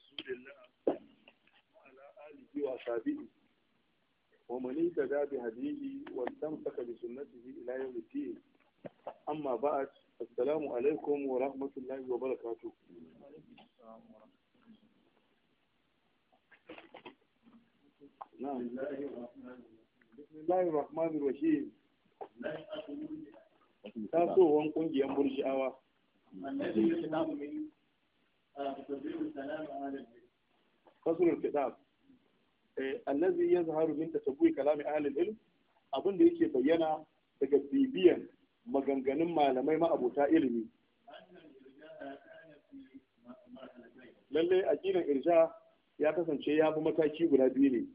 رسول الله وعلى آله وأصحابه ومن اهتدى بهديه واستمسك بسنته إلى يوم الدين أما بعد السلام عليكم ورحمة الله وبركاته نعم بسم الله الرحمن الرحيم tasowar kungiyar burjiyawa فصل الكتاب الذي يظهر من تتبوي كلام أهل العلم abin da yake bayyana daga bibiyan maganganun malamai ma'abota ilimi lallai aƙidan irja ya kasance ya fi mataki guda biyu ne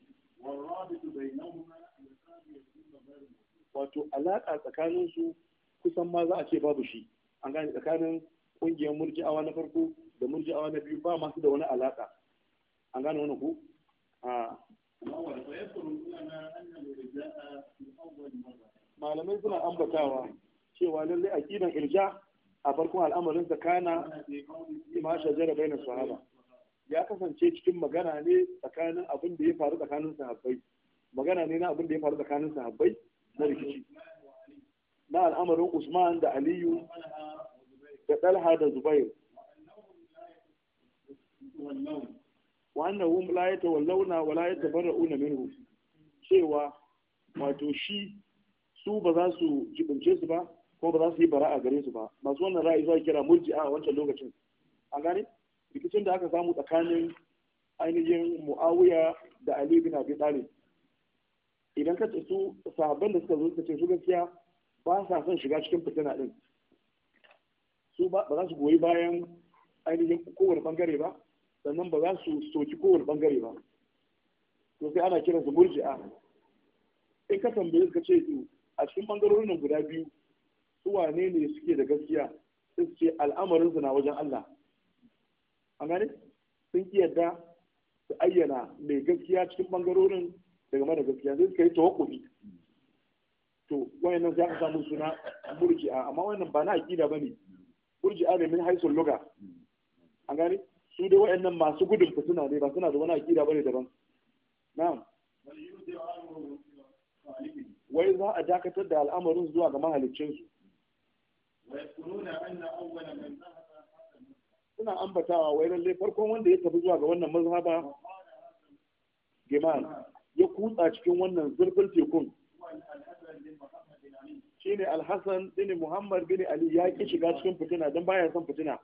wato alaƙa tsakaninsu kusan ma za a ce babu shi an gane tsakanin ƙungiyar murji'awa na farko da murji'awa na biyu ba masu da wani alaƙa an gane wani ku a malamai suna ambatawa cewa lallai kidan irja a farkon al'amarin ta kana ma shajara na sahaba ya kasance cikin magana ne tsakanin abin da ya faru tsakanin sahabbai magana ne na abin da ya faru tsakanin sahabbai na rikici na al'amarin Usman da Aliyu da Talha da Zubair wannan hum la yatawallawna wa la tabarra'una minhu cewa wato shi su ba za su jibince su ba ko ba za su yi bara'a gare su ba masu wannan ra'ayi zuwa kira murji'a a wancan lokacin an gane rikicin da aka samu tsakanin ainihin mu'awiya da ali bin abi talib idan ka ce su sahabban da suka zo suka ce su gaskiya ba sa son shiga cikin fitina din su ba za su goyi bayan ainihin kowane bangare ba sannan ba za su soki kowane bangare ba to sai ana kiransu a in ka tambaye ka ce su a cikin bangarorin nan guda biyu su wane ne suke da gaskiya sai su ce al'amarin su na wajen Allah an gane sun ki yadda su ayyana mai gaskiya cikin bangarorin daga mara gaskiya sai suka yi tawakkufi to wayannan za a samu suna murji'a amma wannan ba na ba ne murji'a ne min haisun lugha an gane su da wayannan masu gudun fituna, ne ba suna da wani akida bane daban na'am wai za a dakatar da al'amarin zuwa ga mahaliccinsu suna ambatawa wai lalle farkon wanda ya tafi zuwa ga wannan mazhaba gimal ya kutsa cikin wannan zurfin tekun shine alhassan bin muhammad bin ali ya ki shiga cikin fitina don baya son fitina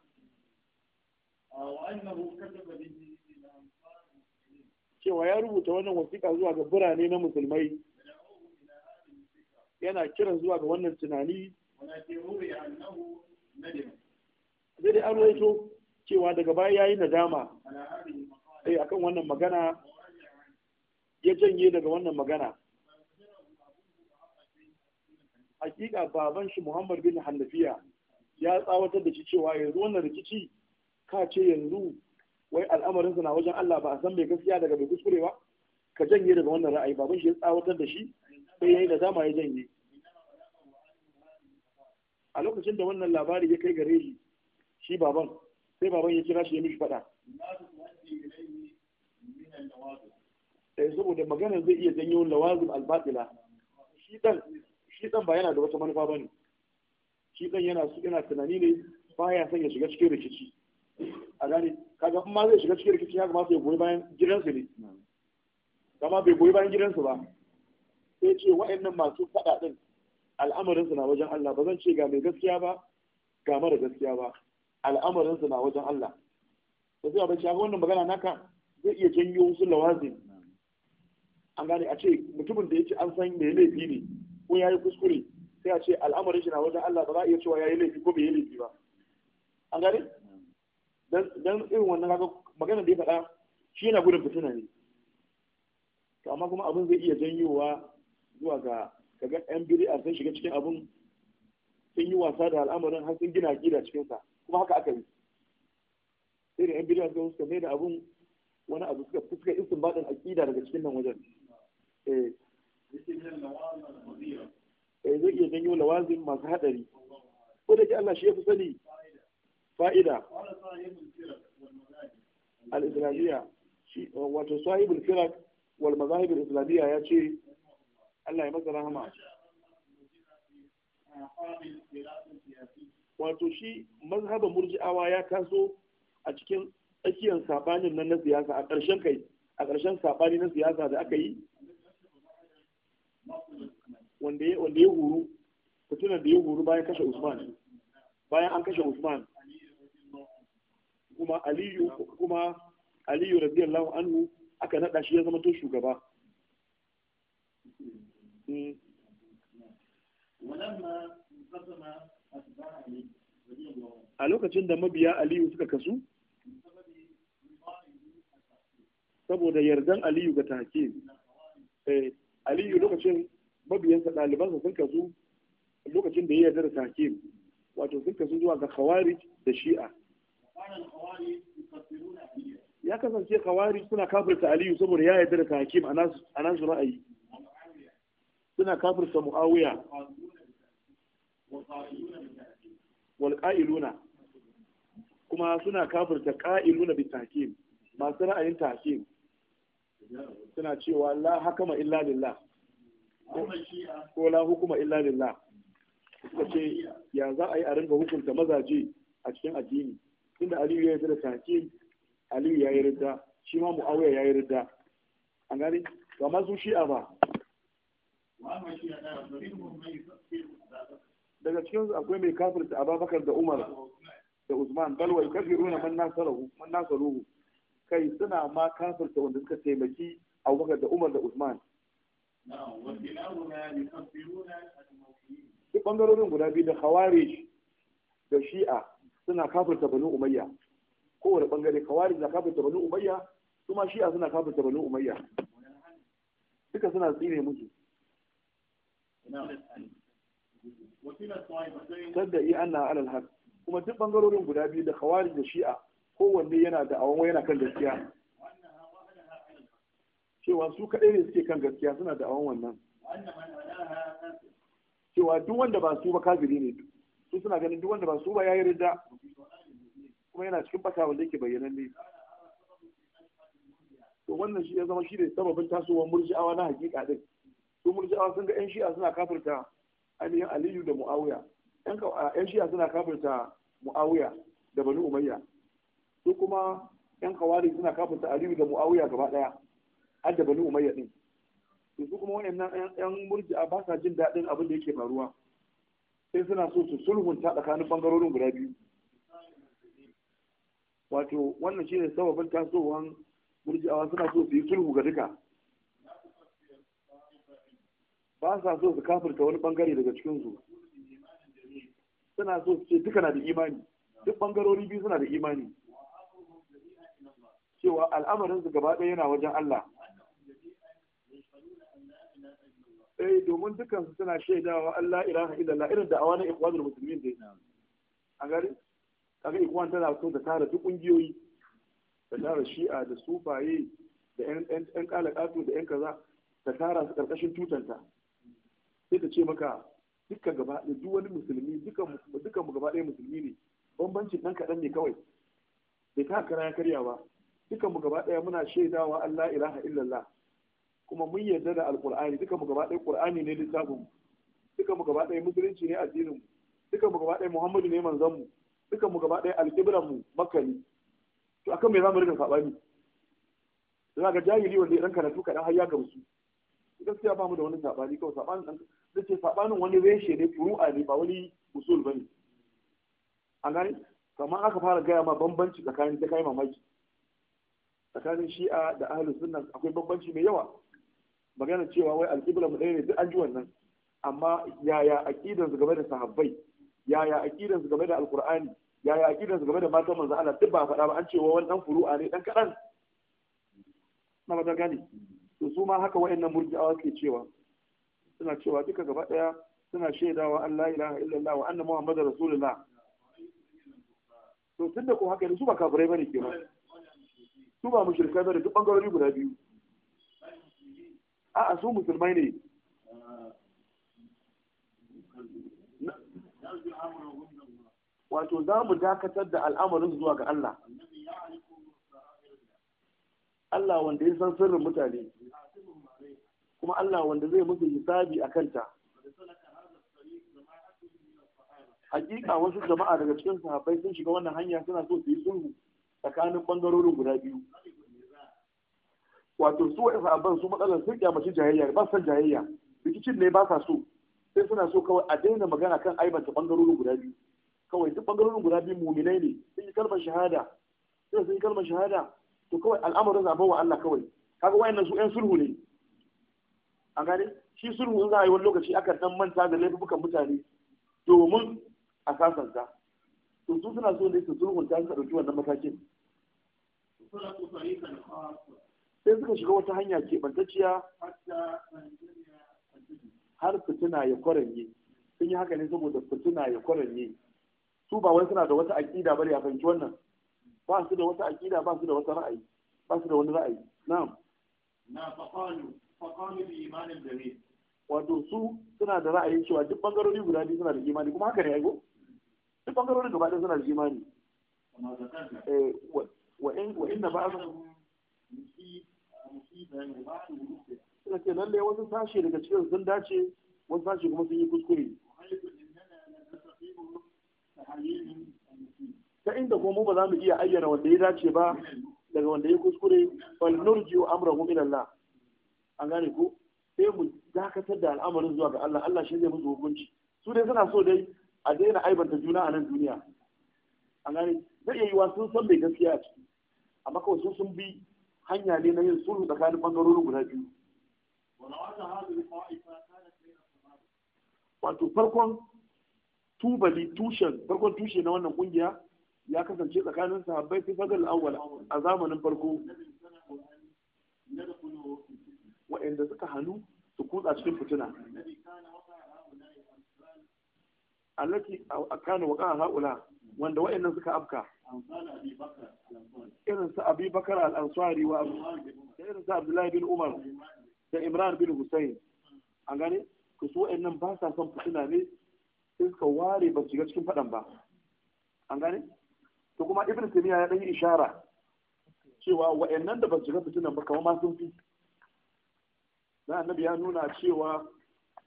cewa ya rubuta wannan wasiƙa zuwa ga birane na musulmai yana kiran zuwa ga wannan tunani zai dai an rawaito cewa daga baya ya yi nadama sai akan wannan magana ya janye daga wannan magana hakika baban shi muhammad bin hannafiya ya tsawatar da shi cewa yanzu wannan rikici ka ce yanzu wai al'amarin na wajen Allah ba a san mai gaskiya daga mai kuskure ba ka janye daga wannan ra'ayi baban shi ya tsawatar da shi sai yayi da dama ya janye a lokacin da wannan labari ya kai gare shi shi baban sai baban ya kira shi ya mishi faɗa eh saboda magana zai iya janyo lawazim albatila shi dan shi dan ba yana da wata manufa bane shi dan yana yana tunani ne baya son ya shiga cikin rikici a gane kaga in ma zai shiga cikin rikicin haka ma sai goyi bayan gidansu ne kama bai goyi bayan gidansu ba sai ce wa'annan masu faɗa al'amarin su na wajen Allah ba zan ce ga mai gaskiya ba ga mara gaskiya ba al'amarin su na wajen Allah da sai abin shafi wannan magana naka zai iya janyo wasu lawazi an gane a ce mutumin da ya ce an san mai laifi ne ko ya yi kuskure sai a ce al'amarin shi na wajen Allah ba za a iya cewa ya yi laifi ko bai yi laifi ba an gane dan irin wannan kaga magana da ya faɗa shi yana gudun fitina ne to amma kuma abin zai iya janyowa zuwa ga kaga yan bid'a sun shiga cikin abin sun yi wasa da al'amarin har sun gina aƙida cikin sa kuma haka aka yi sai da yan bid'a sun suka mai da abin wani abu suka isin baɗin aƙida daga cikin nan wajen eh, eh zai iya janyo lawazin masu haɗari ko da ke Allah shi ya fi sani fa'ida al-islamiyya wato sahibul firak wal mazahib al-islamiyya ya ce Allah ya masa rahama wato shi mazhaban murji'awa ya taso a cikin tsakiyar sabanin nan na siyasa a ƙarshen kai a ƙarshen sabani na siyasa da aka yi wanda ya huru fitunan da ya huru bayan kashe Usman bayan an kashe Usman kuma aliyu kuma aliyu radiyallahu anhu aka nada shi ya zama to shugaba hmm. a lokacin da mabiya aliyu suka kasu saboda yardan aliyu ga take eh, aliyu lokacin mabiyansa ɗalibansa sun kasu lokacin da ya yarda da take wato sun kasu zuwa ga khawarij da shi'a ya kasance kawari suna kafirta aliyu saboda ya yarda da hakim a nasu ra'ayi suna kafirta mu'awiya wal qa'iluna kuma suna kafirta ƙa'iluna bi hakim masu ra'ayin hakim suna cewa la hakama illa lillah ko la hukuma illa lillah suka ce ya za a yi a ringa hukunta mazaje a cikin addini tunda aliyu ya yi da sake aliyu ya yi ridda shi ma muawiya ya yi ridda an gani to amma su shi'a ba daga cikin akwai mai kafirta ababakar da umar da usman balwa kafiruna man nasaruhu man nasaruhu kai suna ma kafirta wanda suka taimaki abubakar da umar da usman duk bangarorin guda biyu da khawarij da shi'a suna kafirta banu umayya kowane bangare kawari na kafirta banu umayya su ma shi'a suna kafirta banu umayya duka suna tsine musu sadda yi anna alal haq kuma duk bangarorin guda biyu da kawari da shi'a kowanne yana da awon yana kan gaskiya cewa su kaɗai ne suke kan gaskiya suna da awon wannan cewa duk wanda ba su ba kafiri ne su suna ganin duk wanda ba su ba yayi rida kuma yana cikin bata wanda yake bayyananne to wannan shi ya zama shi ne sababin tasowar murji'awa na hakika din su murji'awa sun ga yan shi'a suna kafirta ainihin aliyu da mu'awiya yan shi'a suna kafirta mu'awiya da bani umayya su kuma yan kawari suna kafirta aliyu da mu'awiya gaba daya har da bani umayya din su kuma wa'annan yan murji'a ba sa jin daɗin abin da yake faruwa sai suna so su sulhunta tsakanin bangarorin guda biyu wato wannan shi ne sababin tasowar murji'awa suna so su yi sulhu ga duka ba sa so su kafirta wani bangare daga cikinsu suna so su ce duka na da imani duk bangarori biyu suna da imani cewa al'amarinsu gaba ɗaya yana wajen Allah eh domin dukan su suna shaidawa Allah ilaha illallah irin da awanin ikhwanul muslimin dai a gari kaga ikhwan tana so ta tara duk kungiyoyi ta tara shi'a da sufaye da yan kalakatu da yan kaza ta tara su karkashin tutanta sai ta ce maka dukkan gaba da duk wani musulmi dukkan mu gaba ɗaya musulmi ne bambanci dan kaɗan ne kawai bai ta kara ya karya ba dukkan mu gaba ɗaya muna shaidawa Allah ilaha illallah kuma mun yarda da alkur'ani duka mu gaba ɗaya qur'ani ne littafin mu duka mu gaba ɗaya musulunci ne addinin mu duka mu gaba ɗaya muhammadu ne manzon mu duka mu gaba ɗaya alƙiblan mu makka ne to akan me za mu rika sabani za ka jahili wanda ya dan karatu kaɗan har ya gamsu gaskiya ba mu da wani sabani kawai sabanin ɗan da ce sabanin wani reshe ne furu'a ne ba wani usul ne. a gani kamar aka fara gaya ma bambanci tsakanin ta kai mamaki tsakanin shi'a da ahlus sunna akwai bambanci mai yawa maganar cewa wai alƙibla mu ɗaya ne duk an ji wannan amma yaya aqidan su game da sahabbai yaya aqidan su game da Alƙur'ani? yaya aqidan su game da matan manzo Allah duk ba faɗa ba an cewa wani ɗan furu'a ne ɗan kaɗan? na ba ta gani to su ma haka wayannan murji'awa ke cewa suna cewa duka gaba ɗaya? suna shaidawa Allah ilaha illallah wa anna muhammadar rasulullah to da ko haka ne su ba kafirai ke ba? su ba mushrikai bane duk bangarori guda biyu A'a, su musulmai ne wato za mu dakatar da al'amarin zuwa ga Allah Allah wanda ya san sirrin mutane kuma Allah wanda zai musu hisabi a kanta hakika wasu jama'a daga cikin sahabbai sun shiga wannan hanya suna so su yi sulhu tsakanin bangarorin guda biyu wato su wa'in sahabban su matsalar sun kyamaci jayayya ba san jayayya rikicin ne ba sa so sai suna so kawai a daina magana kan aibanta bangarorin guda biyu kawai duk bangarorin guda biyu muminai ne sun yi kalmar shahada sai sun yi kalmar shahada to kawai al'amarin zaɓen wa Allah kawai kaga wayannan su 'yan sulhu ne a gane shi sulhu in za a yi wani lokaci aka dan manta da laifukan mutane domin a sasanta to su suna so ne su ta su ɗauki wannan matakin. sai suka shiga wata hanya bantacciya har fituna ya kwaranye sun yi haka ne saboda fituna ya kwaranye su ba wai suna da wata aƙida bari a fahimci wannan ba su da wata aƙida ba su da wata ra'ayi ba su da wani ra'ayi na'am na faqalu faqalu bi imanin jamil wato su suna da ra'ayin cewa duk bangarori guda biyu suna da imani kuma haka ne aiko duk bangarorin gaba ɗaya suna da imani wa eh, inna ba'dhum suna ce lalle wasu sashe daga cikin sun dace wasu sashe kuma sun yi kuskure ta inda kuma mu ba za mu iya ayyana wanda ya dace ba daga wanda ya kuskure wal wa amrahum ila Allah an gane ko sai mu dakatar da al'amarin zuwa ga Allah Allah shi zai musu hukunci su dai suna so dai a daina aibanta juna a nan duniya an gane zai iya yiwa sun san bai gaskiya a ciki amma kawai sun bi hanya ne na yin sulhu tsakanin bangarorin guda biyu wato farkon tubali tushen farkon tushe na wannan kungiya ya kasance tsakanin sahabbai fi fagal awwal a zamanin farko Wa'inda suka hannu su kutsa cikin fitina allati kana waqa haula wanda wa'annan suka afka irin su Abubakar bakar al-ansari da irin su abdullahi bin umar da imran bin hussein an gane ku su wa'annan ba sa son fitina ne sai suka ware ba su shiga cikin faɗan ba an gane to kuma ibn taymiya ya ɗan yi ishara cewa wa'annan da ba su shiga fitinan ba kamar ma sun fi dan annabi ya nuna cewa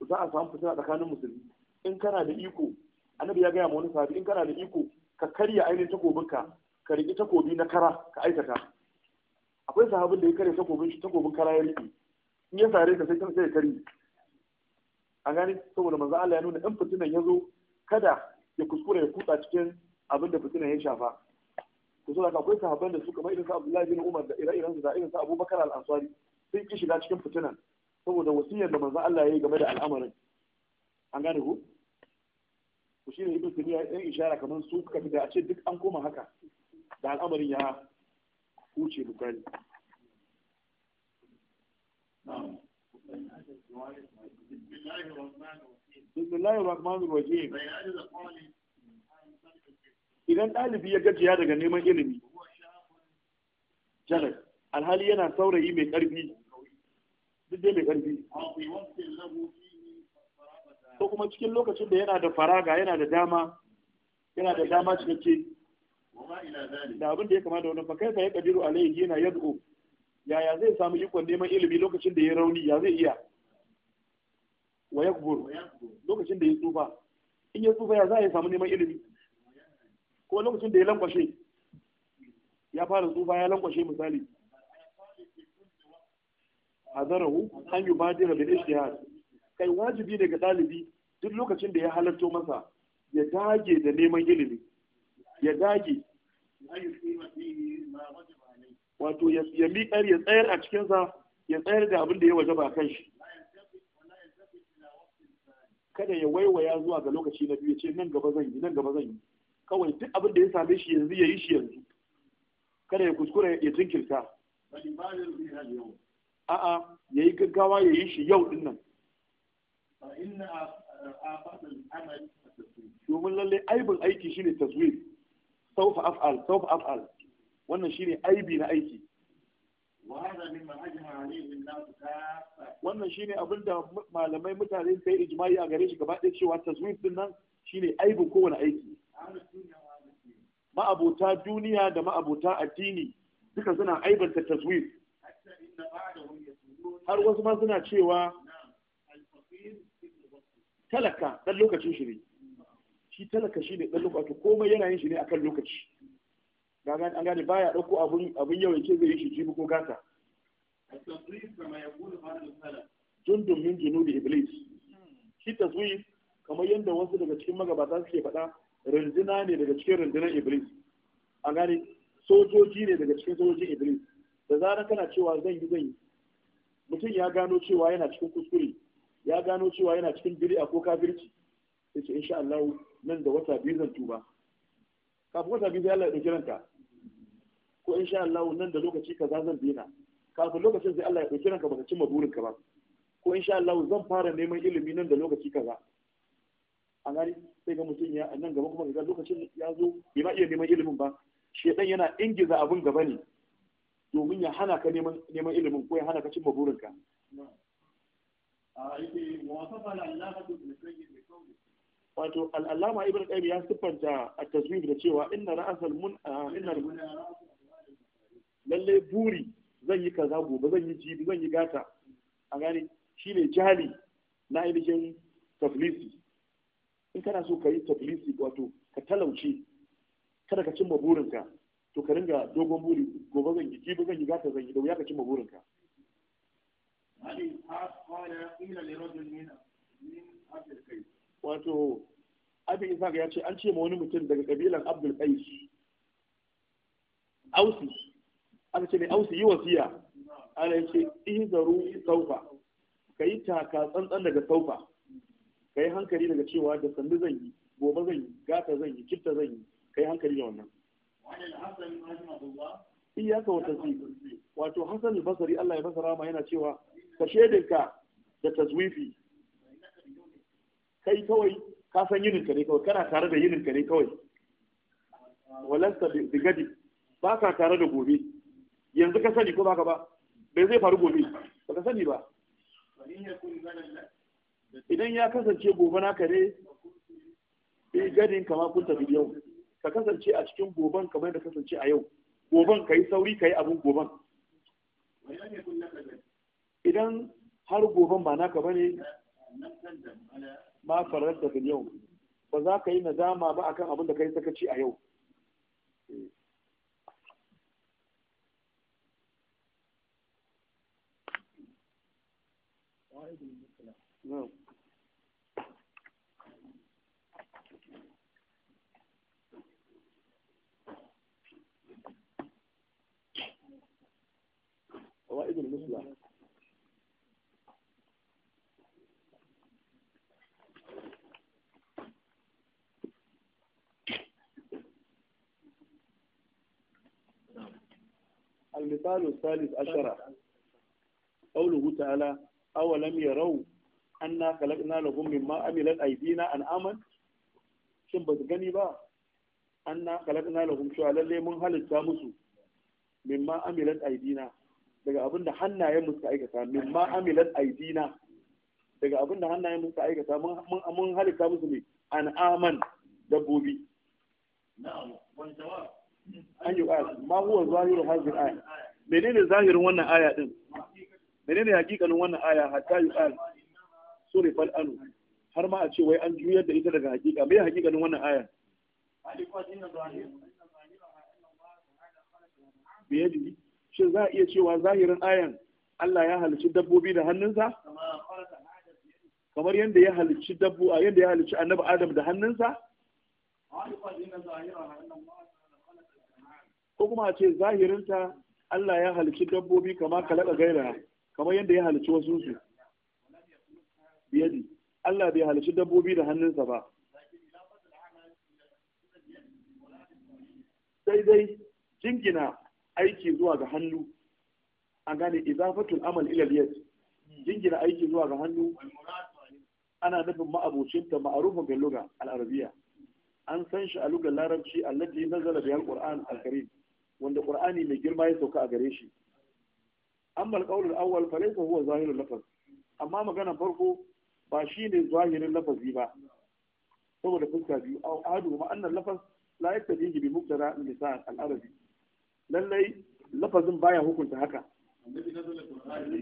za a samu fitina tsakanin musulmi in kana da iko annabi ya gaya ma wani sahabi in kana da iko ka karya ainihin takobinka ka riƙi takobi na kara ka aikata akwai sahabin da ya karya takobin shi takobin kara ya riƙe in ya sare ka sai kan sai ya karye a gani saboda manzo Allah ya nuna in fitinan ya zo kada ya kuskura ya kutsa cikin abin da fitinan ya shafa so saboda akwai sahabban da suka mai irin sa Abdullahi bin Umar da ire-iren su da irin sa Abubakar al-Ansari sai ki shiga cikin fitinan saboda wasiyar da manzo Allah ya yi game da al'amarin an gane ku ku shi ne ibn tamiya ya ishara kamar su ka da a ce duk an koma haka da al'amarin ya huce misali bismillahir rahmanir rahim idan ɗalibi ya gajiya daga neman ilimi jarar alhali yana saurayi mai ƙarfi duk dai mai ƙarfi ko kuma cikin lokacin da yana da faraga yana da dama yana da dama cikakke da abin da ya kama da wannan fa kaifa ya kadiru alaihi yana yad'u yaya zai samu ikon neman ilimi lokacin da ya rauni ya zai iya wa yakbur lokacin da ya tsufa in ya tsufa ya za ya samu neman ilimi ko lokacin da ya lankwashe ya fara tsufa ya lankwashe misali hazarahu an yubadira bil ijtihad kai wajibi ne ga ɗalibi duk lokacin da ya halarto masa ya dage da neman ilimi ya dage wato ya miƙar ya tsayar a cikinsa ya tsayar da abin da ya waje ba kan shi kada ya waiwaya zuwa ga lokaci na biyu ce nan gaba zan yi nan gaba zan yi kawai duk abin da ya same shi yanzu ya yi shi yanzu kada ya kuskura ya jinkirta a'a ya yi gaggawa ya yi shi yau din nan domin lalle aibin aiki shine taswir saufa af'al saufa af'al wannan shine aibi na aiki wannan shine abin da malamai mutane yi ijimai a gare shi gaba ɗaya cewa taswir din nan shine aibin kowane aiki ma'abota duniya da ma'abota addini duka suna aibanta taswir har wasu ma suna cewa talaka dan lokacin shi ne shi talaka shi ne dan lokacin komai yana yin shi ne akan lokaci an gane baya dauko abun abun yau yake zai yi shi jibi ko gata jundun min da iblis shi taswif kamar yadda wasu daga cikin magabata suke faɗa rinjina ne daga cikin rinjinan iblis a gane sojoji ne daga cikin sojojin iblis da zarar kana cewa zan yi zan yi mutum ya gano cewa yana cikin kuskure ya gano cewa yana cikin bid'a ko kafirci sai ce insha Allah nan da wata biyu zan tuba kafin wata biyu Allah ya dauki ranka ko insha Allah nan da lokaci kaza zan daina kafin lokacin sai Allah ya dauki ranka baka cimma burinka ba ko insha Allah zan fara neman ilimi nan da lokaci kaza a gani sai ga mutum ya nan gaba kuma ga lokacin ya zo bai ma iya neman ilimin ba shedan yana ingiza abun gaba ne domin ya hana ka neman ilimin ko ya hana ka cimma burinka wato al'allama ibn qayyim ya siffanta at-tasbih da cewa inna ra'sal mun ah, inna lalle buri zan yi kaza gobe zan yi jibi zan yi gata a gane shine jali na ainihin tablisi in kana so ka yi tablisi wato ka talauce kada ka cimma burinka to ka ringa dogon buri gobe zan yi jibi zan yi gata zan yi da wuya ka cimma burinka Wato إسحاق قال قيل لرجل ce من أهل الكيس واتو أبي إسحاق يأتي أنت موني متن دقى قبيلة عبد القيس أوسي aka ce mai ausi yi wasiya ana ce izaru saufa ka yi taka tsantsan daga saufa ka yi hankali daga cewa da sandu zan yi gobe zan yi gata zan yi kifta zan yi ka yi hankali da wannan iyaka wata zi wato hasan basari allah ya basara ma yana cewa ka shaidinka da taswifi. kai kawai ka san yininka ne kawai kana tare da yininka ne kawai walasta da gadi ba ka tare da gobe yanzu ka sani ko baka ba bai zai faru gobe ba ka sani ba idan ya kasance gobe ka ne bi gadin kama kun tafi yau ka kasance a cikin goben kamar da kasance a yau goben ka yi sauri ka yi abin goben idan har goben ba naka bane ma farar da yau ba za ka yi nazama ba akan abin da kai sakaci a yau No. المثال الثالث عشر قوله تعالى أولم يروا أنا خلقنا لهم مما عملت أيدينا أنعاما shin ba su gani ba an na kalakna lahum cewa lallai mun halitta musu mimma amilat aidina daga abin da hannayen musu aikata mimma amilat aidina daga abin da hannayen musu aikata mun mun halitta musu ne an aman dabbobi na'am wal jawab an yi ayat ma huwa zahiru aya menene zahirin wannan aya din menene hakikanin wannan aya hatta yi ayat sura fal anu har ma a ce wai an juyar da ita daga hakika me hakikanin wannan aya biyadi shin za a iya cewa zahirin ayan Allah ya halicci dabbobi da hannunsa kamar yadda ya halicci dabbo yadda ya halicci annabi Adam da hannunsa ko kuma a ce zahirinta Allah ya halici dabbobi kama kalaka gaira kamar yadda ya halici wasu su biyadi Allah bai halici dabbobi da hannunsa ba sai dai jingina aiki zuwa ga hannu a gane izafatul amal ila yad jingina aiki zuwa ga hannu ana nufin ma'abocinta ma'arufin ga luga an san shi a lugar larabci allati nazala bihal qur'an al-karim wanda qur'ani mai girma ya sauka a gare shi amma alqaul alawwal fa laysa huwa zahirul lafaz amma magana farko ba shine zahirin lafazi ba saboda fuska biyu au adu ma annal lafaz la yattabihi bi mubtada lisan al-arabi lallai lafazin baya hukunta haka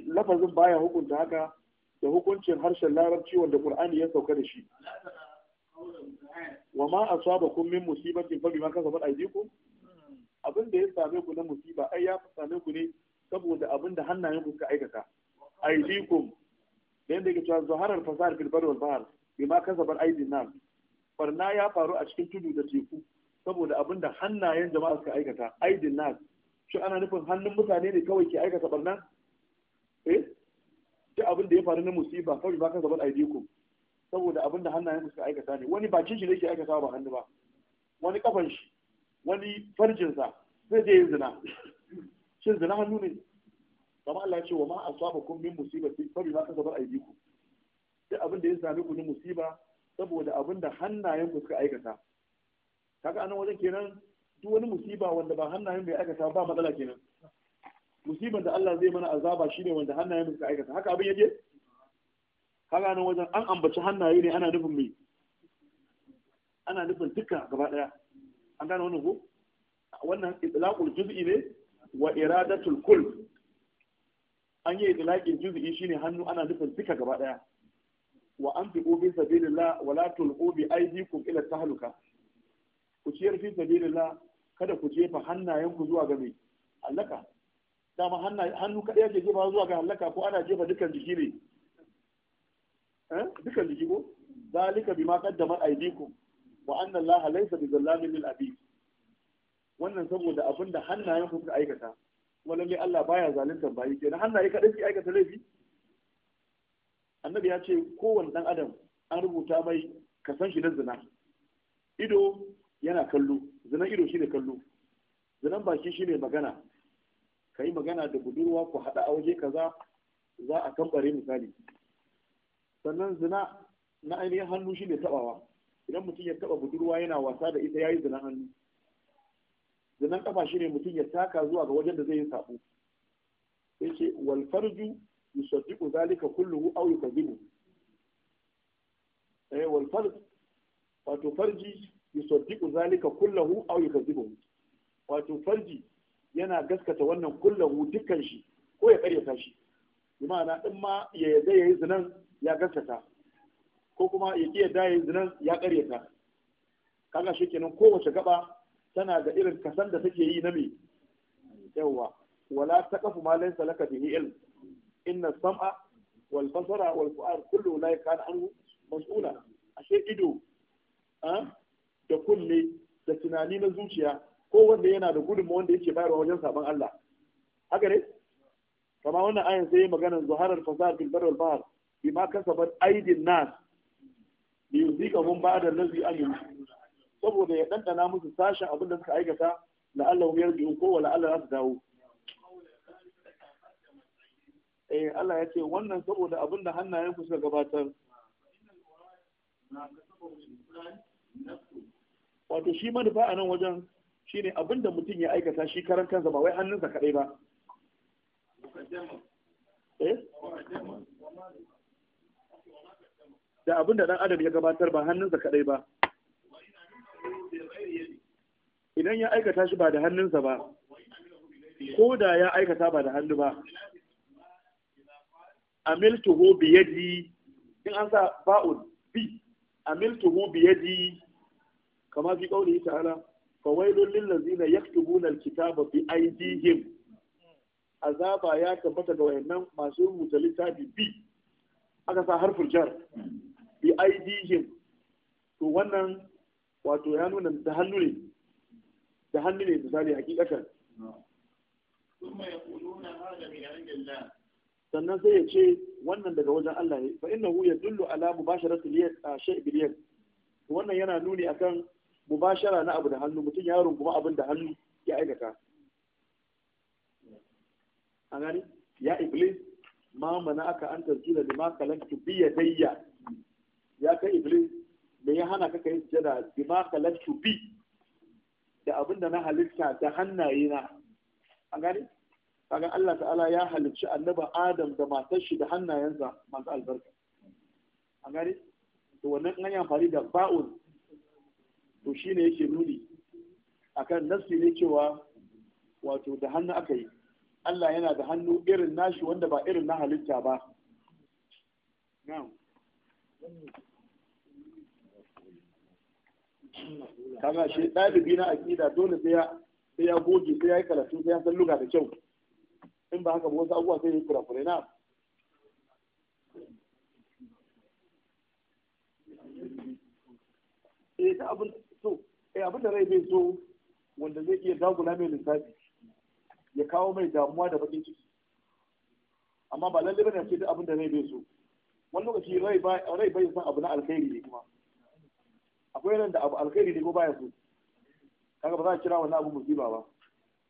lafazin baya hukunta haka da hukuncin harshen larabci wanda qur'ani ya sauka da shi wa ma asabakum min musibatin fa bima kasabat aydikum abin da ya same ku na musiba ai ya same ku ne saboda abin da hannayen ku suka aikata aidikum da yadda yake cewa zaharar fasahar fil bar wal ma bima bar aidin nas barna ya faru a cikin tudu da teku saboda abin da hannayen jama'a suka aikata aidin nas shi ana nufin hannun mutane ne kawai ke aikata barna eh duk abin da ya faru na musiba kawai ba bar aidikum saboda abin da hannayen suka aikata ne wani bakin shi ne ke aikata ba hannu ba wani kafan shi wani farjinsa zai je yin zina shin zina hannu ne kama Allah ce wa ma asaba kun min musibati fa bima aiki ku. sai abin da ya same ku musiba saboda abin da hannayen ku suka aikata kaga anan wajen kenan duk wani musiba wanda ba hannayen bai aikata ba matsala kenan musibar da Allah zai mana azaba shine wanda hannayen mu suka aikata haka abin yake kaga anan wajen an ambaci hannaye ne ana nufin me ana nufin duka gaba daya an gane wannan ko wannan itlaqul juz'i ne wa iradatul kull an yi itlaqin juz'i shine hannu ana nufin duka gaba daya wa an fi sabilillah wa la tulqu bi aydikum ila tahluka ku ciyar fi sabilillah kada ku jefa hannayenku zuwa ga mai halaka dama hannu kadai yake jefa zuwa ga halaka ko ana jefa dukan jiki ne eh? dukan jiki ko zalika bima qaddamat aydikum wa anna Allah laysa bi lil abid wannan saboda abinda hannayen ku suka aikata kuma lalle Allah baya zaluntar bayi kenan hannaye kadai suke aikata laifi annabi ya ce kowane dan adam an rubuta mai ka san shi na zina ido yana kallo zinan ido shine kallo zinan baki shine magana ka magana da budurwa ku haɗa a waje kaza za a kambare misali sannan zina na ainihin hannu shine tabawa idan mutum ya taba budurwa yana wasa da ita yayi zina hannu zinan kafa shine mutum ya taka zuwa ga wajen da zai yi sabo sai ce wal farju yusaddiqu zalika kulluhu aw yukadibu eh wal farj wato farji yusaddiqu zalika kulluhu aw yukadibu wato farji yana gaskata wannan kullahu dukkan shi ko ya karyata shi bi ma'ana in ma ya yi yayi zinan ya gaskata ko kuma ya ƙi yadda ya zinan ya ƙaryata kaga shi kenan kowace gaba tana da irin kasan da take yi na me yawwa wala taqafu ma laysa laka bihi ilm inna sam'a wal basara wal fu'ad kullu la anhu mas'ula ashe ido ah, da kunne da tunani na zuciya ko wanda yana da gudunmawa wanda yake bayarwa wajen sabon Allah haka ne kama wannan ayan sai maganar zuharar fasahar bil bar wal bahr bima kasabat nas liyuzika mun ba da lazi amin saboda ya dandana musu sashen abin da suka aikata ya yarji'un ko Allah za su dawo eh Allah ya ce wannan saboda abin da hannayen ku suka gabatar wato shi manufa a nan wajen shine abin da mutum ya aikata shi karan kansa ba wai hannunsa kadai ba eh da abin da ɗan adam ya gabatar ba hannunsa kaɗai ba idan ya aikata shi ba da hannunsa ba ko da ya aikata ba da hannu ba amiltuhu biyadi in an sa ba'un bi amiltuhu biyadi kama fi qawlihi ta'ala fawailul lil ladzina yaktubuna alkitaba bi aydihim azaba ya tabbata ga wayannan masu rubuta littafi bi aka sa harfin jar bi aidihim to wannan wato ya nuna da hannu ne da hannu ne misali hakikatan sannan sai ya ce wannan daga wajen Allah ne fa innahu yadullu ala mubasharati shay bil yad wannan yana nuni akan mubashara na abu da hannu mutum ya runguma abin da hannu ya aikata a gani ya iblis ma mana aka an tarjila lima kalaktu bi yadayya ya kai iblis me ya hana ka kai sujada ka lantu bi da abin da na halitta da hannaye na an gane kaga Allah ta'ala ya halicci annaba Adam da matar shi da hannayensa masu albarka an gane to wannan an yi amfani da ba'un to shine yake nuni akan nafsi ne cewa wato da hannu aka yi Allah yana da hannu irin nashi wanda ba irin na halitta ba you. kaga shi ɗalibi na aƙida dole sai ya sai ya goge sai ya yi karatu sai ya san luga da kyau in ba haka ba wasu abubuwa sai ya yi kurakurai na eh ta abin so eh abin da rai bai so wanda zai iya dagula mai lissafi ya kawo mai damuwa da bakin ciki amma ba lallai bane ce duk abin da rai bai so wani lokaci rai bai san abu na alkhairi ne kuma akwai nan da abu alkhairi ne ko baya so kaga ba za a kira wannan abu musiba ba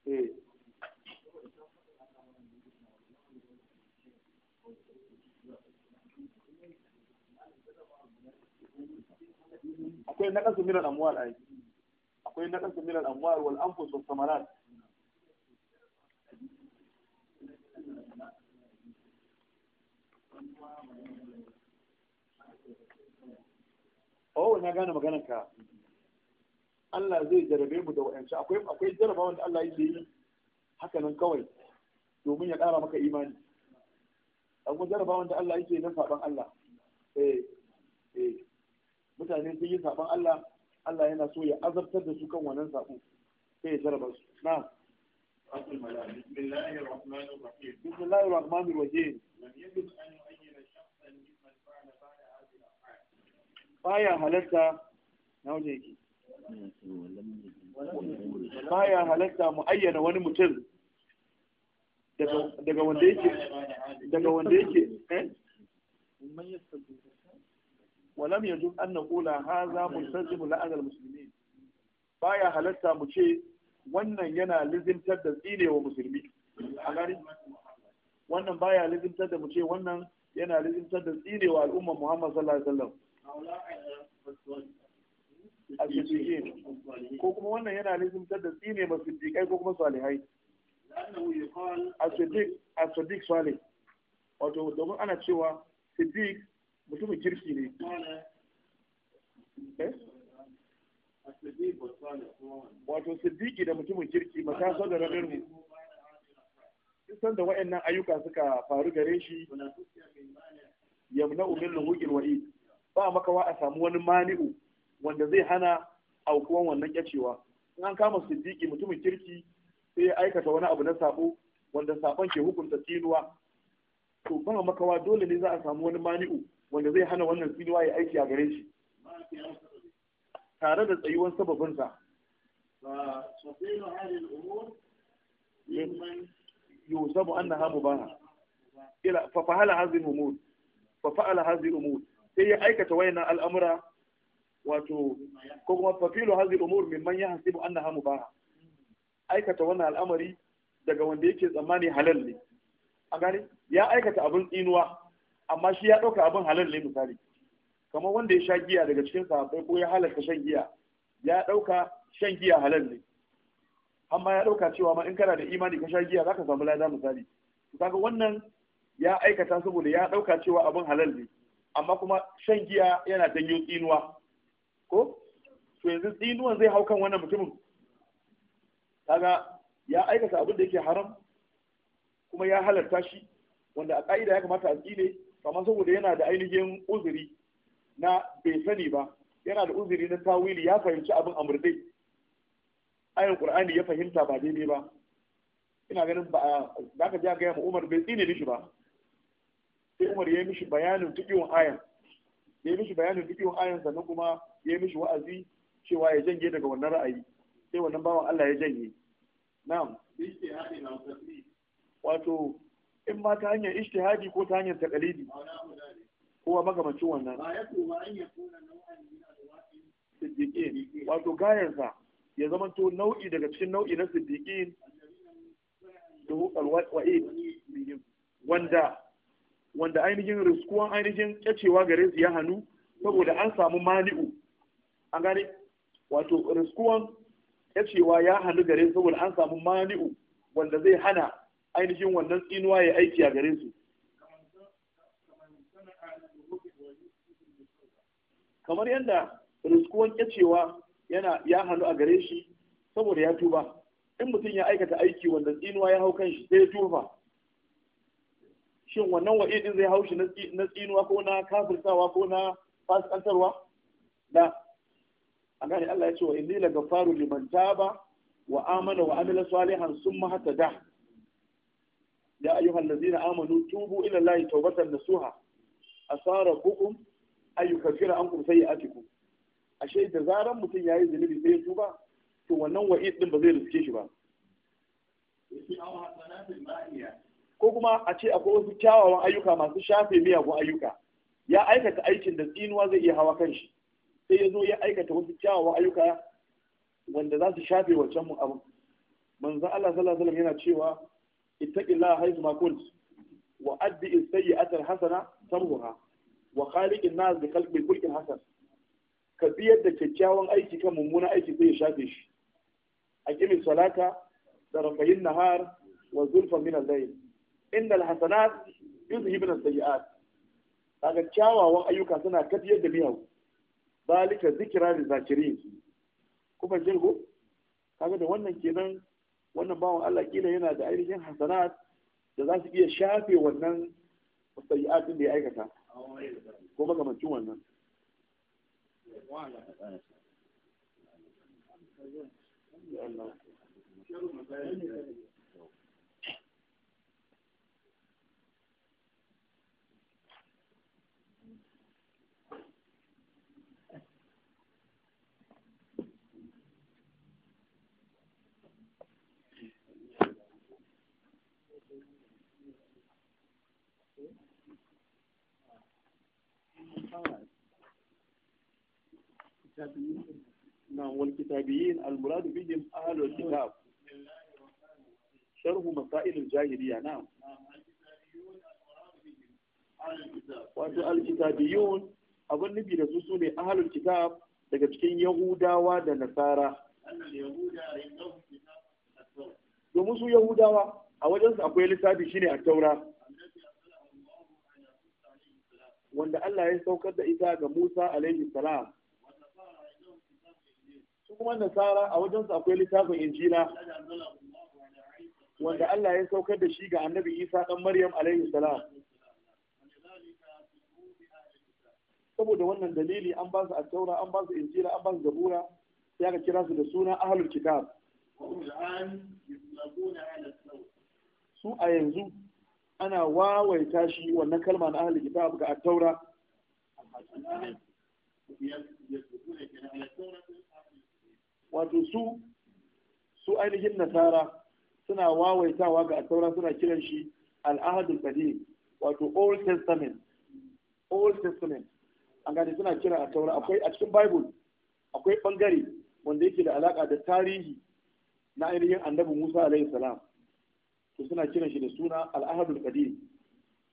eh akwai naqasu min al-amwal ai akwai naqasu min al-amwal wal anfus was samarat Thank you. oh na gane maganar ka Allah zai jarabe mu da wa'ansu akwai akwai jaraba wanda Allah yake yi haka nan kawai domin ya ƙara maka imani akwai jaraba wanda Allah yake na saban Allah eh eh mutane sun yi saban Allah Allah yana so ya azabtar da su kan wannan sako sai ya jaraba su na بسم الله الرحمن الرحيم بسم الله الرحمن الرحيم لم أن baya halatta na wajen yake baya halatta mu ayyana wani mutum daga wanda yake daga wanda yake eh? walam yanzu an na kula ha za mu mu la'azar musulmi baya halatta mu ce wannan yana lizintar da tsinewa musulmi a gari wannan baya lizintar da mu ce wannan yana lizintar da tsinewa al'ummar muhammad sallallahu alaihi wasallam a siddiƙin ko kuma wannan yana lizimtar da tsine ma siddiƙai ko kuma salihai a siddiƙ salih wato domin ana cewa siddiq mutumin kirki ne eh? wato siddiqi da mutumin kirki mata sau da ranar mu san da wa'annan ayyuka suka faru gare shi yamna umin luhukin wa'id ba makawa a samu wani mani'u wanda zai hana aukuwan wannan kyacewa in an kama siddiqi mutumin kirki sai ya aikata wani abu na sabo wanda sabon ke hukunta tsinuwa to ba makawa dole ne za a samu wani mani'u wanda zai hana wannan tsinuwa ya aiki a gare shi tare da tsayuwan sababinsa yusabu annaha mubaha ila fa fahala hadhihi al-umur fa fa'ala hadhihi umur sai ya aikata wayannan al'amura wato ko kuma fafilu hazi umur min man yahsibu annaha mubaha aikata wannan al'amari daga wanda yake tsammani halal ne a gani ya aikata abin tsinuwa amma shi ya ɗauka abin halal ne misali kamar wanda ya sha giya daga cikin sahabbai ko ya halarta shan giya ya ɗauka shan giya halal ne amma ya ɗauka cewa ma in kana da imani ka sha giya zaka samu lada misali kaga wannan ya aikata saboda ya ɗauka cewa abin halal ne amma kuma shan giya yana janyo tsinuwa ko to yanzu tsinuwan zai hau kan wannan mutumin kaga ya aikata abin da yake haram kuma ya halarta shi wanda a ka'ida ya kamata a tsine amma saboda yana da ainihin uzuri na bai sani ba yana da uzuri na tawili ya fahimci abin amurde ayin qur'ani ya fahimta ba daidai ba ina ganin ba za ka a gaya ma umar bai tsine shi ba sai Umar ya yi mishi bayanin tukiwon ayan ya yi mishi bayanin tukiwon ayan sannan kuma ya yi mishi wa'azi cewa ya janye daga wannan ra'ayi sai wannan bawan Allah ya janye na'am wato in ma ta hanyar ijtihadi ko ta hanyar taqlidi kowa magamacin wannan siddiqin wato gayansa ya zama to nau'i daga cikin nau'i na siddiqin da hukar wa'id wanda wanda ainihin riskuwan ainihin kyacewa gare su ya hannu saboda an samu mani'u an gane wato riskuwan kyacewa ya hannu gare su saboda an samu mani'u wanda zai hana ainihin wannan tsinuwa ya aiki a gare su kamar yadda riskuwan kyacewa yana ya hannu a gare shi saboda ya tuba in mutum ya aikata aiki wanda tsinuwa ya hau kan shi sai ya tufa shin wannan wa'i din zai haushi na tsinuwa ko na kafirtawa ko na fasikantarwa da a gane Allah ya ce wa inni gafaru liman taba wa amana wa amila salihan summa hatada ya ayyuhal lazina amanu tubu ila Lahi, tawbatan nasuha asara an ayyukaffira sayi Atiku. ashe da zaran mutum yayi zunubi sai ya tuba to wannan wa'i din ba zai riske shi ba ko kuma a ce akwai wasu kyawawan ayyuka masu shafe miyagun ayyuka ya aikata aikin da tsinuwa zai iya hawa kanshi sai ya zo ya aikata wasu kyawawan ayyuka wanda za su shafe wancan mu abu manzo Allah sallallahu alaihi yana cewa ittaqillaha haythu ma kunt wa addi sayyi'ata alhasana tamhuha wa khaliqin nas bi qalbi kulli hasan ka biyar da kyakkyawan aiki kan mummunan aiki sai ya shafe shi aqimis salata da rafayin nahar wa zulfa min al-layl innal hasanat yuzhibun as-sayyi'at kaga kyawawan ayyuka suna tafiyar da miyawu zalika zikra lil zakirin kuma jirgo kaga da wannan kenan wannan bawan Allah kila yana da ainihin Hassanat da za su iya shafe wannan sayyi'atin da ya aikata ko makamancin wannan نعم والكتابيين المراد بهم أهل الكتاب شرح مسائل الجاهلية نعم wato abin nufi da su su ne ahalul kitab daga cikin yahudawa da nasara domin su yahudawa a wajensu akwai littafi shine a taura wanda Allah ya saukar da ita ga Musa alaihi salam su kuma nasara a wajensu akwai littafin injila wanda Allah ya saukar da shi ga annabi Isa ɗan Maryam alaihi salam saboda wannan dalili an ba su attaura an ba su injila an ba su zabura sai aka kira su da suna ahlul kitab su a yanzu ana wawaita shi wannan kalma na ahli kitab ga at-taura wato su su ainihin nasara suna wawaitawa ga at-taura suna kiran shi al al qadim wato old testament old testament an gane suna kira at taura akwai a cikin bible akwai bangare wanda yake da alaka da tarihi na ainihin annabi musa alaihi salam to suna kiran shi da suna al'ahadul qadim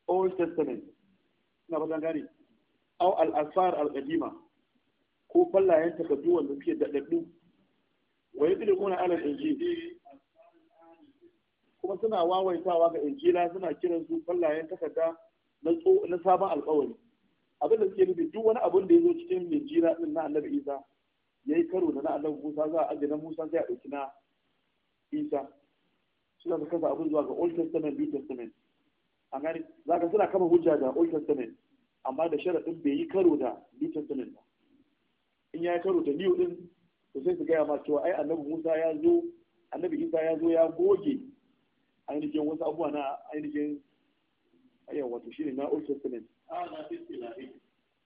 old testament suna fatan gane au Al'asar al-qadima ko fallayen takaddu wanda suke Waye wa kuma ala al-injil kuma suna wawaitawa ga injila suna kiran su fallayen takarda na sabon alkawari abin da suke nufi duk wani abin da ya zo cikin injila din na annabi isa ya yi karo da na annabi musa za a ajiye na musa sai a dauki na isa suna da kasa abin zuwa ga old testament new testament an gani za ka suna kama hujja da old testament amma da sharaɗin bai yi karo da new testament ba in ya yi karo da new din to sai su gaya ma cewa ai annabi musa ya zo annabi isa ya zo ya goge ainihin wasu abubuwa na ainihin ayyan wato ne na old testament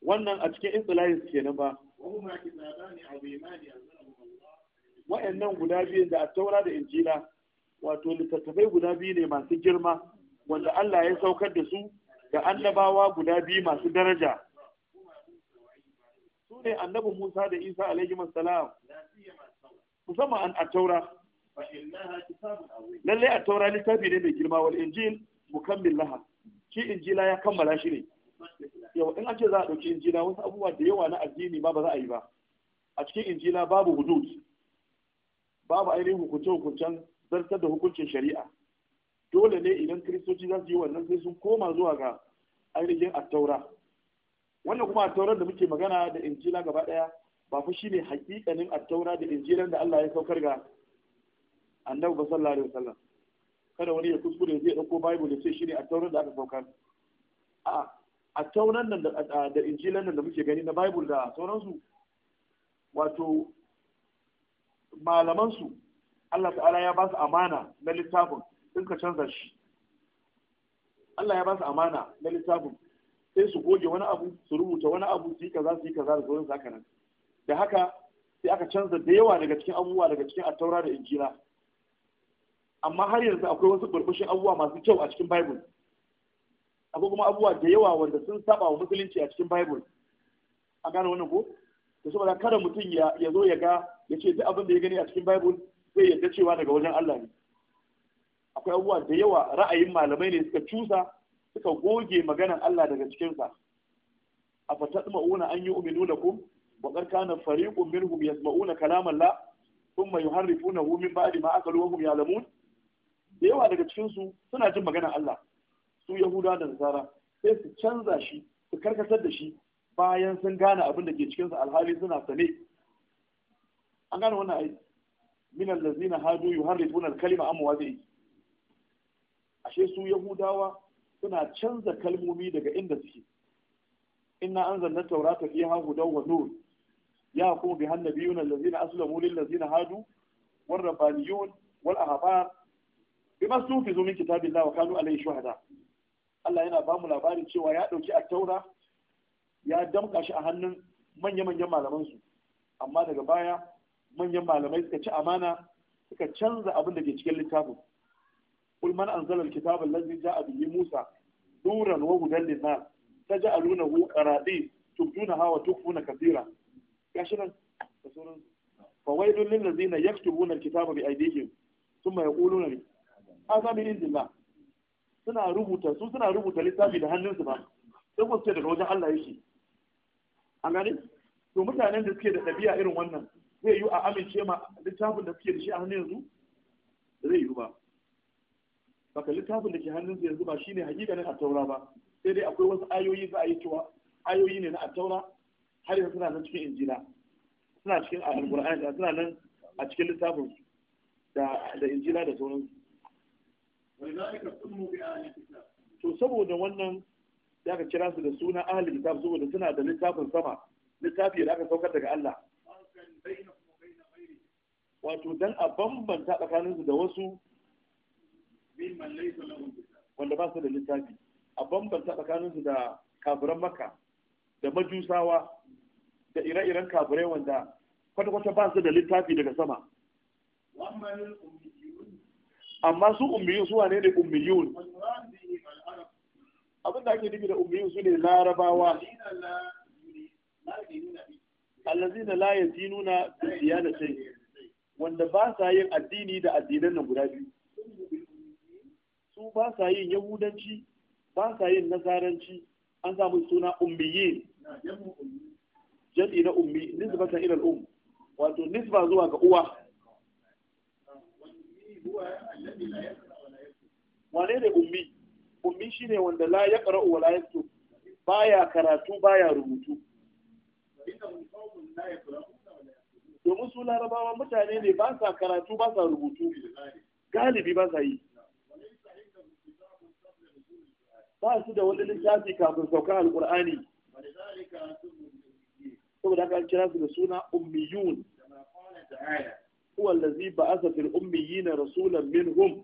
wannan a cikin istilahin su kenan ba wa'annan guda biyun da a taura da injila wato littattafai guda biyu ne masu girma wanda Allah ya saukar da su da annabawa guda biyu masu daraja su ne annabi Musa da Isa alaihi salam musamman an a taura. lallai a taura littafi ne mai girma wal injil mukammil laha shi injila ya kammala shi ne yau in an ce za a ɗauki injila wasu abubuwa da yawa na addini ba ba za a yi ba a cikin injila babu hudud babu ainihin hukunce-hukuncen zartar da hukuncin shari'a dole ne idan kiristoci za su yi wannan sai sun koma zuwa ga ainihin attaura wannan kuma attaurar da muke magana da injila gaba daya ba fa shine hakikanin attaura da injilan da Allah ya saukar ga annabi sallallahu alaihi wasallam kada wani ya kuskure zai dauko bible ya ce shine attaurar da aka saukar a attauran nan da injilan nan da muke gani na bible da sauransu wato malamansu. Allah ta'ala ya ba su amana na littafin sun ka canza shi Allah ya ba su amana na littafin sai su goge wani abu su rubuta wani abu su yi kaza su yi kaza da zuwan haka nan da haka sai aka canza da yawa daga cikin abubuwa daga cikin attaura da injila amma har yanzu akwai wasu burbushin abubuwa masu kyau a cikin bible akwai kuma abubuwa da yawa wanda sun saba wa musulunci a cikin bible a gane wannan ko da saboda kada mutum ya zo ya ga ya ce duk abin da ya gani a cikin bible zai yadda cewa daga wajen Allah ne akwai abubuwa da yawa ra'ayin malamai ne suka cusa suka goge maganan Allah daga cikinsa a fatatma una an yi uminu da ku? wa min fariqun minhum ma'una kalaman la mai thumma hu min ba'adi ma aka hum ya'lamun da yawa daga cikinsu suna jin maganan Allah su yahuda da nasara sai su canza shi su karkatar da shi bayan sun gane abin da ke cikinsa alhali suna sane an gane wannan aiki min allazina hadu yuharrifuna al-kalima am ashe su yahudawa suna canza kalmomi daga inda suke inna anzalna tawrata fiha hudaw wa nur ya kuma an-nabiyyun allazina aslamu lil ladzina hadu wal rabbaniyun wal ahbar bima sufizu min kitabillahi wa kanu alayhi shuhada Allah yana ba mu labarin cewa ya dauki at-taura ya damka shi a hannun manya-manyan malaman su amma daga baya manyan malamai suka ci amana suka canza abin da ke cikin littafin kul man anzalal kitaba allazi ja'a bihi musa duran wa hudan linnas taj'alunahu qaradi tubdunaha wa tukhfuna kathira gashi nan da sauran fawailul lil ladina yaktubuna alkitaba bi aydihim thumma yaquluna li hadha min indillah suna rubuta su suna rubuta littafi da hannunsu ba sai ku ce daga wajen Allah yake an gane to mutanen da suke da ɗabi'a irin wannan zai yi a amince ma littafin da suke da shi a hannun yanzu zai yi ba baka littafin da ke hannun su yanzu ba shine na taura ba sai dai akwai wasu ayoyi za a yi cewa ayoyi ne na taura har yanzu suna nan cikin injila suna cikin alqur'ani da suna nan a cikin littafin da da injila da sauransu to saboda wannan da aka kira su da suna ahli kitab saboda suna da littafin sama littafi da aka saukar daga Allah wato dan a bambanta tsakanin su da wasu wanda ba su da littafi a bambanta tsakanin su da kafiran maka da majusawa da ire-iren kafirai wanda kwata-kwata ba su da littafi daga sama amma su ummiyun su wane ne ummiyun abinda ake nufi da ummiyun su ne larabawa allazina la yazinuna bi ziyadatin wanda ba sa yin addini da addinan nan guda biyu su ba sa yin yahudanci ba sa yin nasaranci an samu suna ummiyin jadi na ummi nisbatan ila al-um wato nisba zuwa ga uwa wane ne ummi ummi shine wanda la ya qara'u wa la yaktu baya karatu baya rubutu domin su larabawa mutane ne ba sa karatu ba sa rubutu galibi ba sa yi ba su da wani littafi kafin sauka alkur'ani saboda aka kira su da suna ummiyun huwa allazi ba'atha fil na rasulan minhum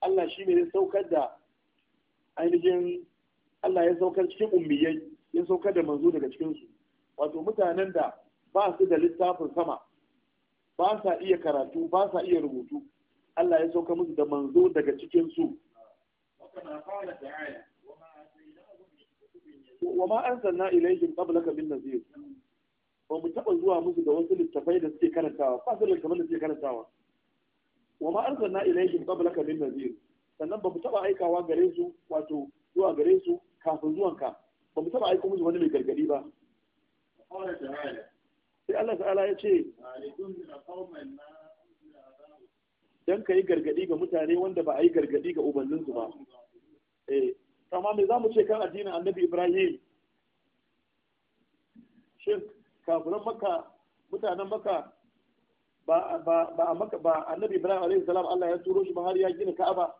Allah shi ne saukar da ainihin Allah ya saukar cikin ummiyai ya saukar da manzo daga cikinsu wato mutanen da ba su da littafin sama ba sa iya karatu ba sa iya rubutu Allah ya sauka musu da manzo daga cikin su wa ma anzalna ilayhim qablaka min nazir ba mu taɓa zuwa musu da wasu littafai da suke karantawa ba su littafai da suke karantawa wa ma anzalna ilayhim qablaka min nazir sannan ba mu taɓa aikawa gare su wato zuwa gare su kafin zuwanka ba mu taɓa aika musu wani mai gargadi ba sai Allah ta'ala ya ce dan ka yi gargadi ga mutane wanda ba a yi gargadi ga ubanninsu ba eh amma me za mu ce kan addinin annabi ibrahim shin kafiran maka mutanen maka ba a maka ba annabi ibrahim alaihi salam Allah ya turo shi ba har ya gina ka'aba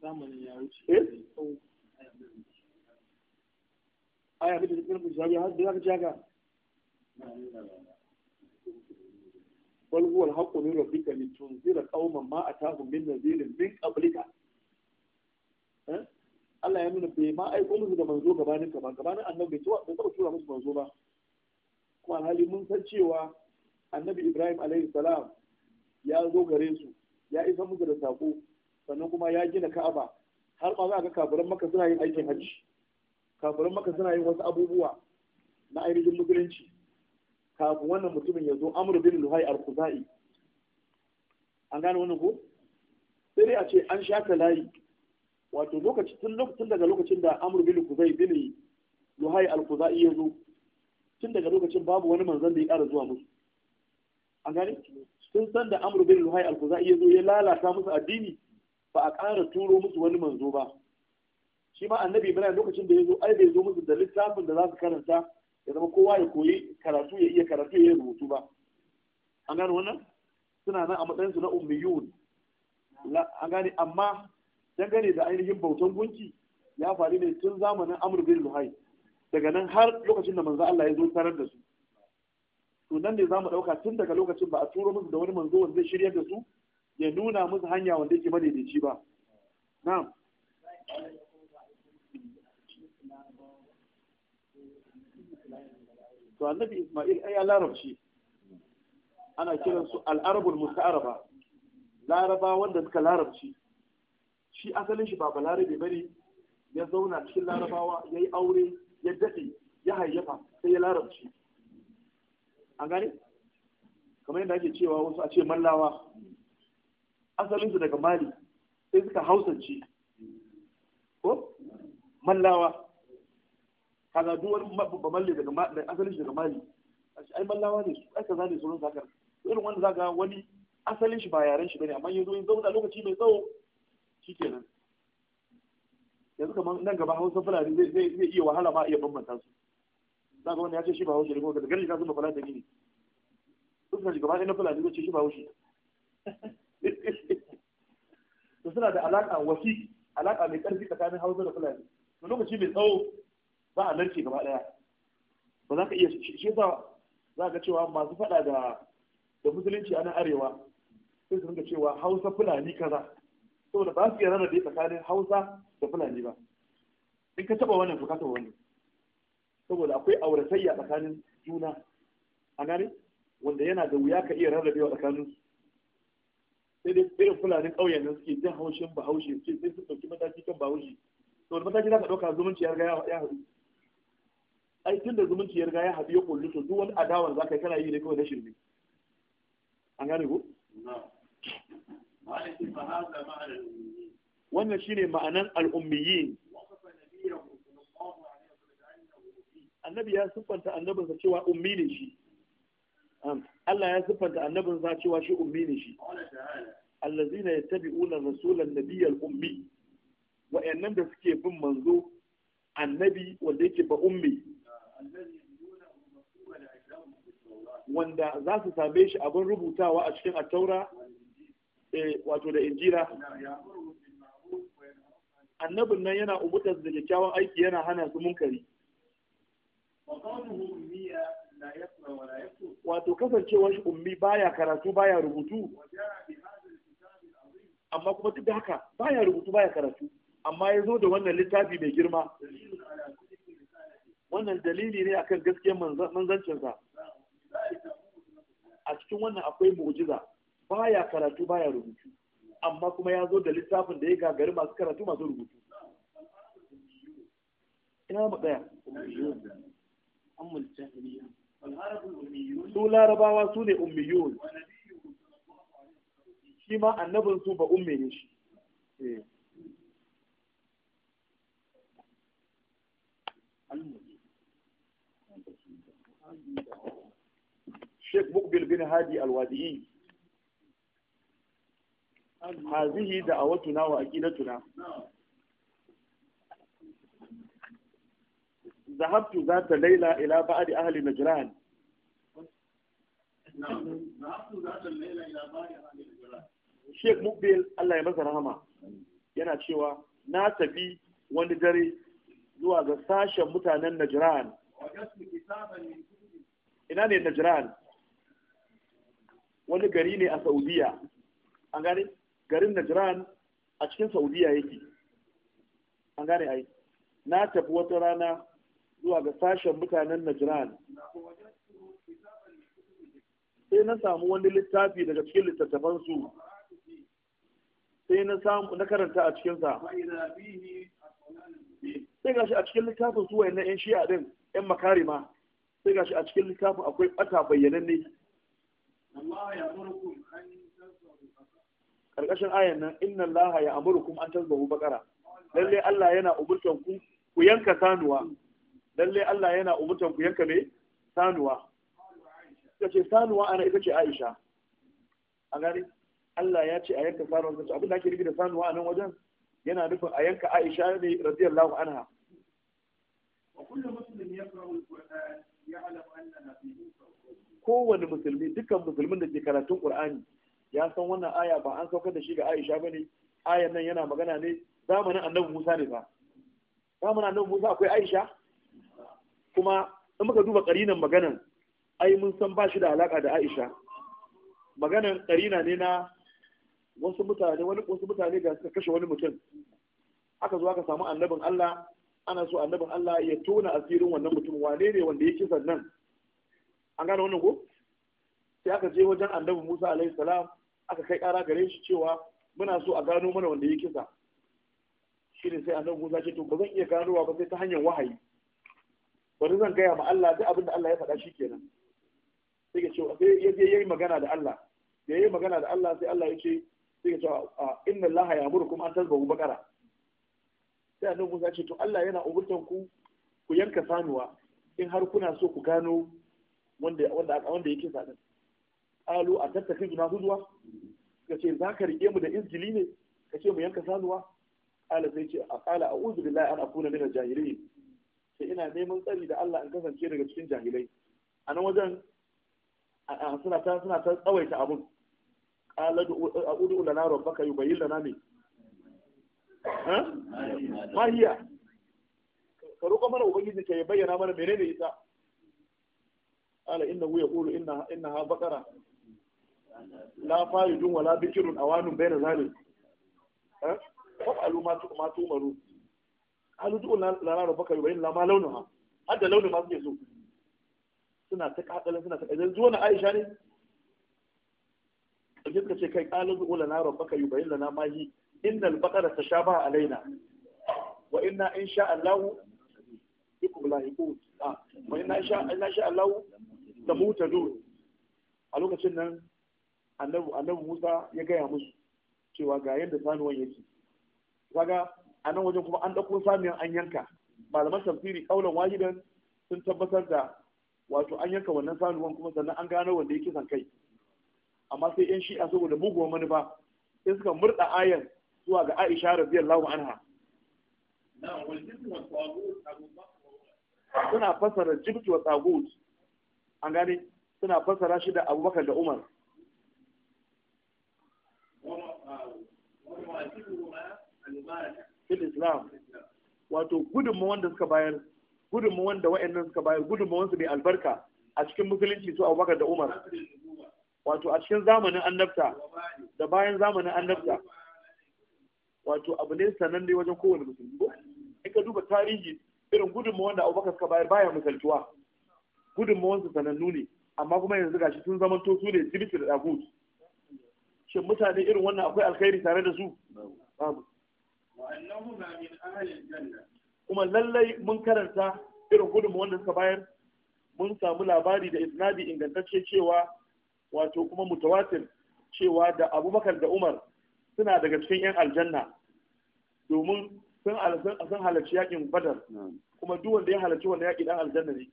zamanin ya wuce Eh. aya da cikin zabi har da zaka bal huwa al-haqqu ne tun litunzira qauman ma tafi min nadhirin min qablika eh? Allah ya nuna bai ma aiko musu da manzo gabanin ka ba gabanin annabi bai bai tura musu manzo ba kuma alhali mun san cewa annabi Ibrahim alaihi salam ya zo gare su ya isa musu da sako sannan kuma ya gina Ka'aba har ma za ga kafiran maka suna yin aikin hajji kafiran maka suna yin wasu abubuwa na ainihin musulunci kafin wannan mutumin ya zo amru bin luhai al-khuzai an gane wannan ko sai a ce an shaka layi wato lokaci tun lokacin daga lokacin da amru bin khuzai bin luhai al-khuzai ya zo tun daga lokacin babu wani manzon da ya ƙara zuwa musu an gane sun san da amru bin luhai al-khuzai ya zo ya lalata musu addini ba a ƙara turo musu wani manzo ba shi ma annabi ibrahim lokacin da ya zo ai bai zo musu da littafin da za su karanta ya zama kowa ya koyi karatu ya iya karatu ya yi rubutu ba an gane wannan suna nan a matsayin su na ummiyun an gane amma dangane da ainihin bautan gunki ya faru ne tun zamanin amr bin luhai daga nan har lokacin da manzo Allah ya zo tarar da su to nan ne za mu ɗauka tun daga lokacin ba a turo musu da wani manzo wanda zai shiryar da su ya nuna musu hanya wanda yake madaidaici ba na'am to annabi Isma'il ai ya larabci ana kiran su al-arabul musta'araba laraba wanda suka larabci shi asalin shi ba balarabe bane ya zauna cikin larabawa ya yi aure ya daɗe ya hayyafa sai ya larabci an gane kamar yadda ake cewa wasu a ce mallawa asalinsu daga mali sai suka hausance ko mallawa kaga duk wani babban malle daga da asalin shi daga mali ai mallawa ne su ai kaza ne sauran zakar irin wanda zaka wani asalin shi ba yaren shi bane amma yanzu in zauna lokaci mai tsawo shikenan yanzu kamar nan gaba hausa fulani zai zai iya wahala ma iya bambanta su zaka wanda ya ce shi ba hausa ne ko daga gari ka zama fulani ne duk da gaba ɗaya na fulani zai ce shi ba hausa to suna da alaƙa wasi alaƙa mai ƙarfi tsakanin hausa da fulani lokaci mai tsawo Ba a narke gaba daya ba za ka iya shi Za za ka cewa masu faɗa da da musulunci a nan arewa sai su rinka cewa hausa fulani kaza saboda ba su iya rarrabe tsakanin hausa da fulani ba in ka taba wannan to ka taba wannan saboda akwai auratayya tsakanin juna a gane wanda yana da wuya ka iya rarrabewa tsakanin su sai dai irin fulanin ƙauyen nan suke jin haushin bahaushe sai sun ɗauki mataki kan bahaushe saboda mataki za ka ɗauka zumunci ya riga ya haɗu ai tun da zumunci ya riga ya haɗu ya kullu to duk wani adawan za ka yi kana yi ne kawai na shirme an gane ko wannan shine ma'anan al'ummiyin annabi ya siffanta annabinsa cewa ummi ne shi Allah ya siffanta annabinsa cewa shi ummi ne shi allazina yattabi'una rasulan nabiyyal ummi wa'annan da suke bin manzo annabi wanda yake ba ummi wanda za su same shi abin rubutawa a cikin attaura eh, wato da injira annabin nan yana umuta da kyakkyawan aiki yana hana su munkari wato kasancewar shi ummi baya karatu baya rubutu amma kuma duk da haka baya rubutu baya karatu amma ya zo da wannan littafi mai girma wannan dalili ne akan gaskiyar manzancinsa a cikin wannan akwai mu'jiza baya karatu baya rubutu amma kuma ya zo da littafin da ya gagari masu karatu masu rubutu ina mu tsaya su larabawa su ne ummiyun shi ma annabin su ba umme ne shi eh. Sheikh Mukbil bin Hadi Al-Wadi'i hazihi da awatuna wa aqidatuna ذهبت ذات ليلة إلى بعض أهل نجران Sheikh Mukbil Allah ya masa rahama yana cewa na tafi wani dare zuwa ga sashen mutanen Najran. ina ne najran wani gari ne a saudiya an gane garin najran a cikin saudiya yake an gane ai na tafi wata rana zuwa ga sashen mutanen najran sai na samu wani littafi daga cikin littattafansu sai na samu na karanta a cikinsa sai gashi a cikin littafin su wayannan yan shi'a din yan makarima sai gashi a cikin littafin akwai bata ne karkashin ayan nan inna Allah ya amurukum an tazbahu bakara lalle Allah yana umurtan ku ku yanka sanuwa lalle Allah yana umurtan ku yanka me sanuwa ce sanuwa ana ita ce Aisha a gari Allah ya ce a yanka sanuwa kace abin da ake nufi da sanuwa a nan wajen yana nufin a yanka Aisha ne radiyallahu anha wa kullu muslimin yaqra'u al-Qur'an kowane musulmi dukkan musulmin da ke karatun qur'ani ya san wannan aya ba an saukar da shi ga aisha ba ne ayan nan yana magana ne zamanin annabi musa ne ba zamanin annabi musa akwai aisha kuma in muka duba karinan maganan ai mun san ba shi da alaka da aisha maganan karina ne na wasu mutane wani wasu mutane ga suka kashe wani mutum aka zo aka samu annabin Allah ana so annabin Allah ya tona asirin wannan mutum wane ne wanda ya kisa nan an gane wannan ko sai aka je wajen annabi Musa alaihi salam aka kai kara gare shi cewa muna so a gano mana wanda ya kisa ne sai annabi Musa ce to ba zan iya ganowa ba sai ta hanyar wahayi ba zan gaya ma Allah duk abin da Allah ya faɗa shi kenan sai ya ce sai ya je yayi magana da Allah da yayi magana da Allah sai Allah ya ce sai ya ce inna Allah ya'murukum an tazbahu baqara sai annabi Musa ce to Allah yana umurtan ku ku yanka sanuwa in har kuna so ku gano wanda wanda wanda yake sa din alu a tattaki juna huzwa kace za ka rike mu da injili ne kace mu yanka sanuwa ala sai ce a qala a'udhu billahi an akuna min al-jahilin sai ina neman tsari da Allah in kasance daga cikin jahilai a nan wajen suna ta suna ta tsawaita abun qala a'udhu lana rabbaka yubayyin lana min mahiya ka roƙa mana ubangiji ka ya bayyana mana menene ita ala inna wuya yaqulu inna inna ha baqara la faridun wala bikirun awanun bayna zalim ha fa'alu ma tu ma tu maru alu du la la rabbaka yubayyin la ma launuha hadda launin ma suke so suna ta kakalan suna ta idan zuwa na Aisha ne kaje suka ce kai qalu la rabbaka yubayyin lana ma hi innal baqara tashaba alaina wa inna insha Allah bikum lahiqun ah, wa inna insha Allah insha Allah tamutadun a lokacin nan annabu annabi Musa ya gaya musu cewa ga yanda sanuwan yake kaga a nan wajen kuma an ɗauko samiyan an yanka malaman tafsiri kaulan wahidan sun tabbatar da wato an yanka wannan sanuwan kuma sannan an gano wanda yake san kai amma sai yan shi'a saboda muguwar manufa sai suka murda ayan zuwa ga Aisha radiyallahu anha suna fasara jibti wa tagut an gane suna fasara shi da Abubakar da Umar ah, fil Islam wato gudunmu wanda suka bayar gudunmu wanda wa'annan suka bayar gudunmu wansu mai albarka a cikin musulunci su Abubakar da Umar wato a cikin zamanin annabta da bayan zamanin annabta wato abu ne sananne wajen kowane musulmi ko in ka duba tarihi irin gudunmawar da abubakar suka bayar baya misaltuwa gudunmawansu sanannu ne amma kuma yanzu gashi sun zama to su ne jibiti da dagut shin mutane irin wannan akwai alkhairi tare da su babu kuma lallai mun karanta irin gudunmawar da suka bayar mun samu labari da isnadi ingantacce cewa wato kuma mutawatir cewa da abubakar da umar suna daga cikin 'yan aljanna domin sun halarci yakin badar kuma duk wanda ya halarci wanda yaki dan aljanna ne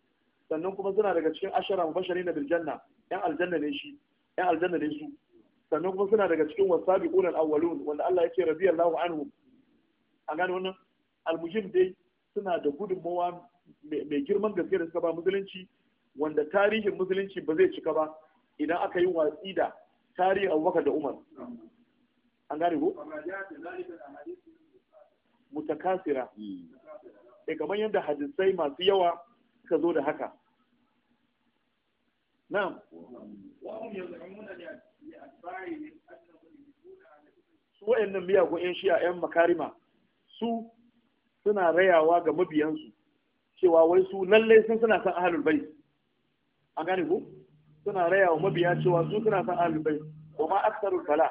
sannan kuma suna daga cikin ashara mubashari na biljanna yan aljanna ne shi yan aljanna ne su sannan kuma suna daga cikin wasabi ulal awwalun wanda Allah yake radiyallahu anhu a gane wannan almuhim dai suna da gudunmawa mai girman gaske da suka ba musulunci wanda tarihin musulunci ba zai cika ba idan aka yi watsi da tarihin abubakar da umar an gane ko? mutakasira sai hmm. eh, kamar yadda hadisai masu yawa suka zo da haka na'am su wayannan miyagun yan shi'a yan makarima su suna rayawa ga mabiyansu cewa wai su lallai sun suna san ahalul bai a gane ku suna rayawa mabiya cewa su suna san ahalul bai wa ma aksarul bala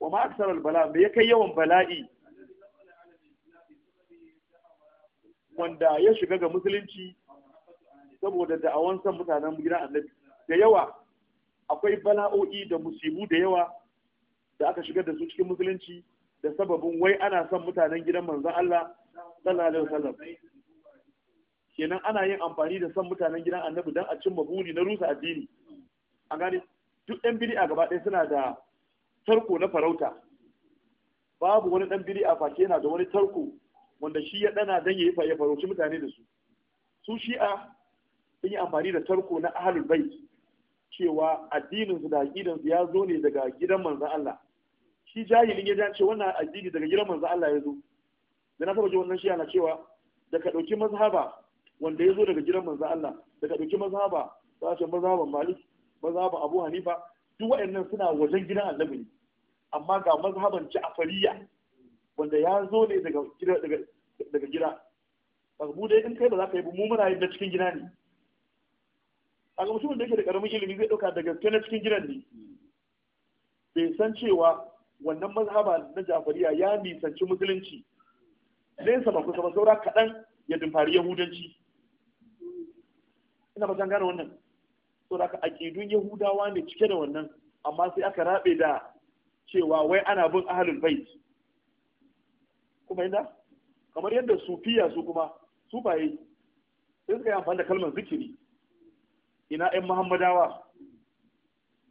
wa ma aksarul bala me ya kai yawan bala'i wanda ya shiga ga musulunci saboda da'awan san mutanen gidan annabi da yawa akwai bala'o'i da musibu da yawa da aka shigar da su cikin musulunci da sababin wai ana son mutanen gidan manzon Allah sallallahu alaihi wasallam kenan ana yin amfani da son mutanen gidan annabi dan a cimma buri na rusa addini a gani duk ɗan bid'a gaba ɗaya suna da tarko na farauta babu wani ɗan bid'a face yana da wani tarko wanda shi ya dana dan yayi ya faroci mutane da su su shi'a sun yi amfani da tarko na ahlul bait cewa addinin su da aqidan su ya zo ne daga gidan manzon Allah shi jahilin ya dace wannan addini daga gidan manzon Allah ya zo da na taba ji wannan shi na cewa daga dauki mazhaba wanda ya zo daga gidan manzon Allah daga dauki mazhaba mazhaban Malik mazhaban Abu Hanifa duk waɗannan suna wajen gidan Annabi amma ga mazhaban Ja'fariyya wanda ya zo ne daga gida daga mu dai in kai ba za ka yi mu muna yin da cikin gida ne a ga mutumin da yake da karamin ilimi zai ɗauka daga gaske na cikin gidan ne bai san cewa wannan mazhaba na jafariya ya nisanci musulunci nesa ba kusa ba saura kaɗan ya dumfari yahudanci ina fatan gane wannan saboda ka aƙidun yahudawa ne cike da wannan amma sai aka rabe da cewa wai ana bin ahalin bait kuma yadda kamar yadda sufiya su kuma su baye sai suka yi amfani da kalmar zikiri ina yan muhammadawa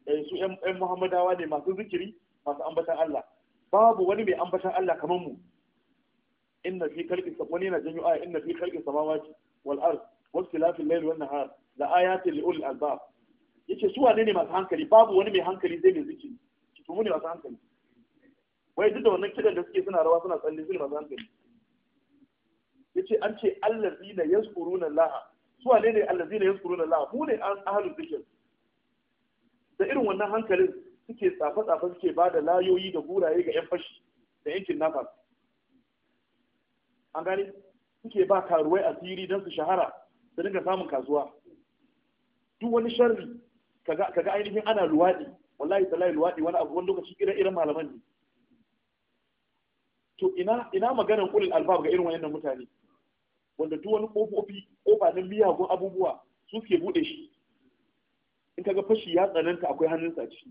eh su yan muhammadawa ne masu zikiri masu ambatan Allah babu wani mai ambatan Allah kamar mu inna fi khalqi wani yana janyo aya inna fi khalqi samawati wal ard wa ikhtilafi wani har, wan nahar la ayatin li ulil albab yace su wane ne masu hankali babu wani mai hankali zai mai zikiri ki mu ne masu hankali wai duk da wannan kidan da suke suna rawa suna tsalle suna masu hankali yace an ce na yazkuruna laha su wane ne na yazkuruna laha mu ne an ahlul zikr da irin wannan hankalin suke tsafa tsafa suke ba da layoyi da guraye ga yan fashi da yankin nafas an gani suke ba karuwai asiri don su shahara su dinga samun kasuwa duk wani sharri kaga ainihin ana luwaɗi wallahi tallahi luwaɗi wani abu wani lokaci ire-iren malaman ne to ina ina maganar ulul albab ga irin wayannan mutane wanda duk wani kofofi kofa na miyagun abubuwa su suke bude shi in kaga fashi ya tsananta akwai hannunsa a ciki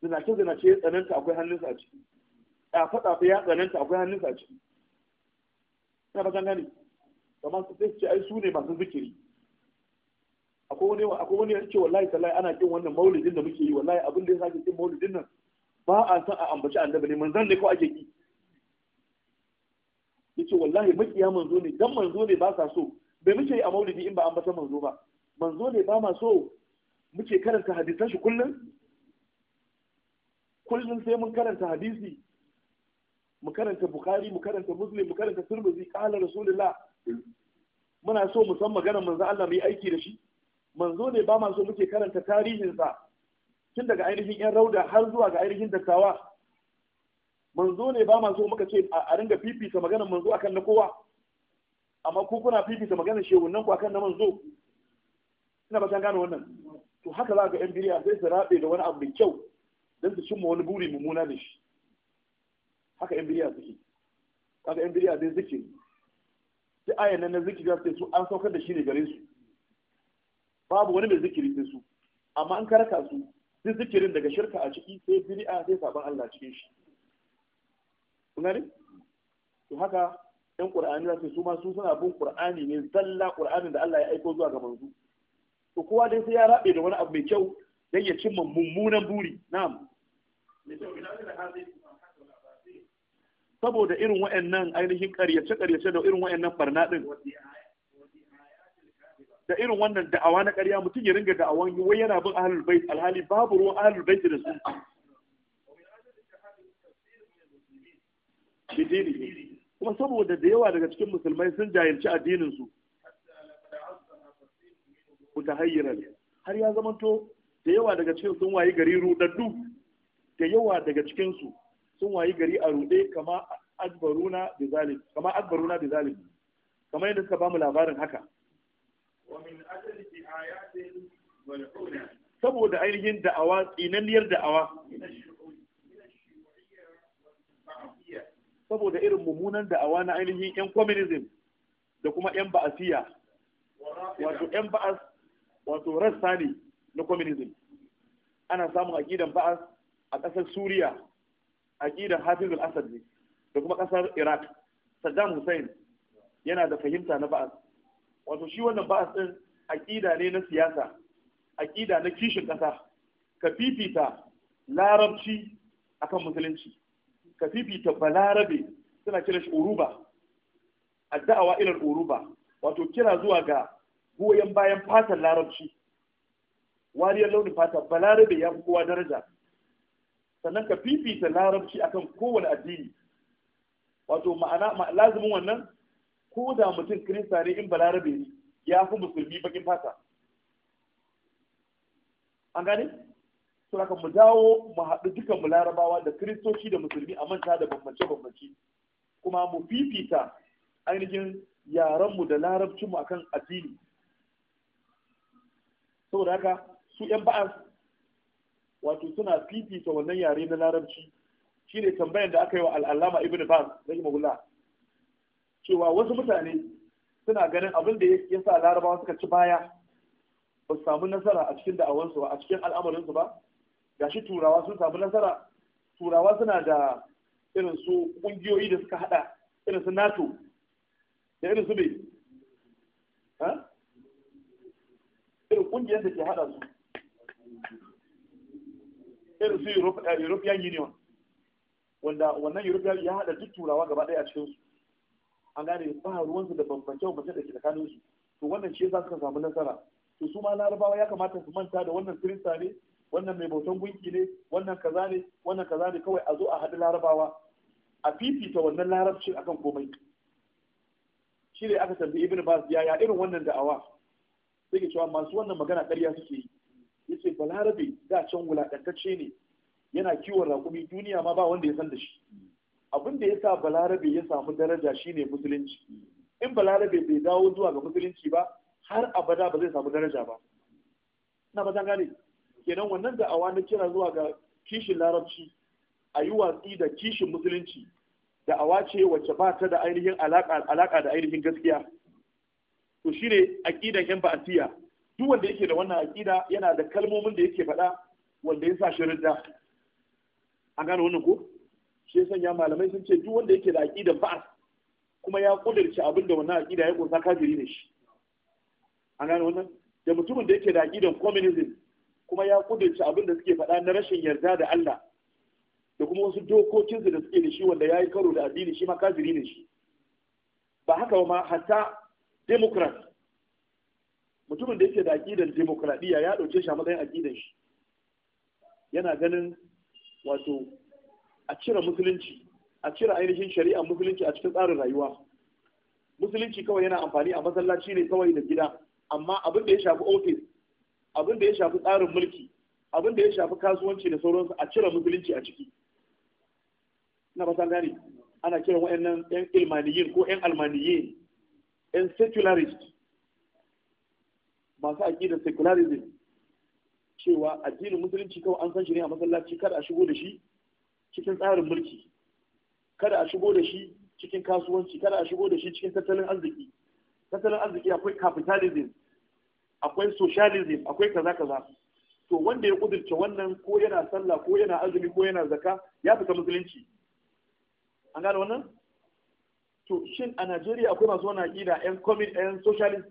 zinace zinace ya tsananta akwai hannunsa a ciki tsafe tsafe ya tsananta akwai hannun a ciki ina ba gane kamar su sai ce ai su ne masu zikiri akwai wani akwai wani ya wallahi tallahi ana kin wannan maulidin da muke yi wallahi abin da ya sake kin maulidin nan ba a san a ambaci annabi ne manzon ne ko ake ki yace wallahi makiya manzo ne dan manzo ne ba sa so bai muke a maulidi in ba an bata manzo ba manzo ne ba ma so muke karanta hadisan shi kullum kullum sai mun karanta hadisi mu karanta bukhari mu karanta muslim mu karanta tirmidhi qala rasulullah muna so mu san maganar manzo Allah mai aiki da shi manzo ne ba ma so muke karanta tarihinsa tun daga ainihin yan rauda har zuwa ga ainihin dattawa manzo ne ba manzo muka ce a ringa fifita maganar manzo akan na kowa amma ku kuna fifita maganar shehunan ku akan na manzo ina ba san gane wannan to haka za ga yan biriya sai su rabe da wani abu mai kyau don su cimma wani buri mummuna da shi haka yan biriya suke kaga yan biriya zai zikiri sai ayan nan na zikiri sai su an saukar da shi ne gare su babu wani mai zikiri sai su amma an karaka su sai zikirin daga shirka a ciki sai biri'a sai sabon Allah cikin shi Kuna To haka ‘yan ƙur'ani za su ma su suna bin ƙur'ani ne zalla ƙur'anin da Allah ya aiko zuwa ga manzo. To kowa dai sai ya rabe da wani abu mai kyau dan ya cimma mummunan buri. Na'am. Saboda irin wa'annan ainihin ƙaryace-ƙaryace da irin wa'annan barna din Da irin wannan da'awa na ƙarya mutum ya ringa da'awan wai yana bin ahlul bait alhali babu ruwan ahlul bait da su. bi kuma saboda da yawa daga cikin musulmai sun jahilci addinin su mutahayyiran har ya zamanto da yawa daga cikin sun wayi gari rudaddu da yawa daga cikin su sun wayi gari a rude kama adbaruna bi zalim kama bi kamar yadda suka bamu labarin haka saboda ainihin da'awa tsinanniyar da'awa saboda irin mummunan da'awa na ainihin 'yan communism da kuma 'yan ba'asiya wato 'yan ba'as wato rassa ne na communism ana samun aƙidan ba'as a ƙasar suriya aƙidan hafiz al-assad ne da kuma ƙasar iraq saddam hussein yana da fahimta na ba'as wato shi wannan ba'as ɗin aƙida ne na siyasa aƙida na kishin ƙasa ka fifita larabci akan musulunci ka balarabe suna kira shi uruba adda'awa ilal uruba wato kira zuwa ga goyon bayan fatan larabci wariyar launin fata balarabe ya fi kowa daraja sannan ka fifita larabci akan kowane addini wato ma'ana lazumin wannan ko da mutum kirista ne in balarabe ya fi musulmi bakin fata an gane haka mu dawo mu haɗu dukan mu larabawa da kiristoci da musulmi a manta da bambance-bambance kuma mu fifita ainihin yarenmu da larabcinmu akan addini saboda haka su 'yan ba'a wato suna fifita wannan yare na larabci shine tambayar da aka yi wa al'allama ibn baz rahimahullah cewa wasu mutane suna ganin abin da ya sa larabawa suka ci baya ba su samu nasara a cikin da'awansu ba a cikin al'amarinsu ba gashi turawa sun samu nasara turawa suna da irin su kungiyoyi da suka hada irin su nato da irin su bai irin kungiyar da ke hada su irin su eh, european union wanda wannan european ya hada duk turawa gaba daya a cikinsu, an gane ba ruwansu da bambance bambance da ke tsakaninsu, to wannan shi yasa suka samu nasara to su ma larabawa ya kamata su manta da wannan kirista ne wannan mai bautan gunki ne wannan kaza ne wannan kaza ne kawai a zo a haɗu larabawa a fifita wannan larabcin akan komai shi ne aka tambayi ibn bas yaya irin wannan da'awa sai ke cewa masu wannan magana ƙarya suke yi yace balarabe da can wulaƙantacce ne yana kiwon raƙumi duniya ma ba wanda ya san da shi abin da yasa balarabe ya samu daraja shine musulunci in balarabe bai dawo zuwa ga musulunci ba har abada ba zai samu daraja ba ina ba gane kenan wannan da awa na kira zuwa ga kishin larabci a yi watsi da kishin musulunci awa ce wacce ba ta da ainihin alaƙa da ainihin gaskiya to shi ne aƙidan yan ba'atiya duk wanda yake da wannan aƙida yana da kalmomin da yake faɗa wanda ya sa shi rinda an gane wannan ko shi ya sanya malamai sun ce duk wanda yake da aƙidan ba'as kuma ya kudirce abin da wannan aƙida ya ƙunsa kafiri ne shi an gane wannan da mutumin da yake da aƙidan communism kuma ya kudurci abin da suke faɗa na rashin yarda da Allah da kuma wasu dokokinsu da suke da shi wanda ya yi karo da addini shi ma kafiri ne shi ba haka ma hatta democrat mutumin da yake da aƙidan demokradiyya ya ɗauke shi a matsayin aƙidan shi yana ganin wato a cire musulunci a cire ainihin shari'a musulunci a cikin tsarin rayuwa musulunci kawai yana amfani a masallaci ne kawai da gida amma abin da ya shafi ofis abin da ya shafi tsarin mulki abin da ya shafi kasuwanci da sauransu a cire musulunci a ciki na ba san gane ana kiran wa'annan yan ilmaniyin ko yan almaniye yan secularist masu da secularism cewa addinin musulunci kawai an san shi ne a masallaci kada a shigo da shi cikin tsarin mulki kada a shigo da shi cikin kasuwanci kada a shigo da shi cikin tattalin arziki tattalin arziki akwai capitalism akwai socialism akwai kaza kaza to wanda ya kudurce wannan ko yana sallah ko yana azumi ko yana zaka ya fita musulunci an gane wannan to shin a Najeriya akwai masu wannan aƙida yan communist yan socialist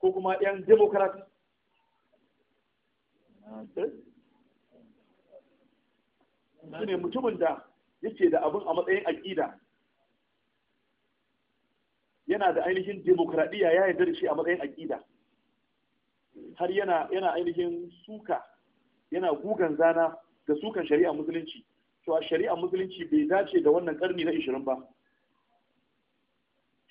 ko kuma yan democrat eh? shi ne mutumin da yake da abin a matsayin aƙida yana da ainihin demokradiyya ya yarda da shi a matsayin aƙida har yana yana ainihin suka yana gugan zana da sukan shari'a musulunci to a shari'a musulunci bai dace da wannan karni na 20 ba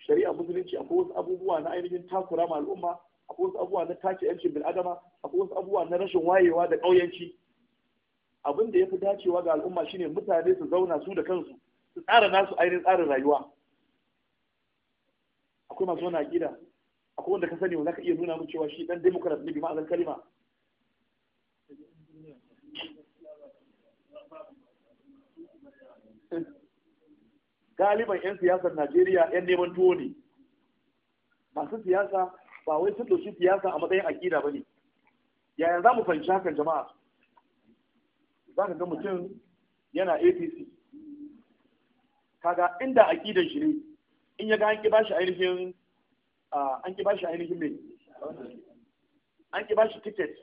shari'a musulunci akwai wasu abubuwa na ainihin takura ma al'umma akwai wasu abubuwa na take yancin bil'adama akwai wasu abubuwa na rashin wayewa da ƙauyanci abin da ya fi dacewa ga al'umma shine mutane su zauna su da kansu su tsara nasu ainihin tsarin rayuwa akwai masu wani aƙida akwai wanda ka sani wanda za ka iya nuna mu cewa shi dan democrat ne bi ma'azan kalima galiban 'yan siyasar najeriya 'yan neman tuwo ne masu siyasa ba wai sun ɗauki siyasa a matsayin aƙida ba ne yaya za mu fahimci hakan jama'a za ka ga mutum yana apc kaga inda aƙidan shi ne in ya ga an ƙi bashi ainihin an ki bashi ainihin mai an ki bashi ticket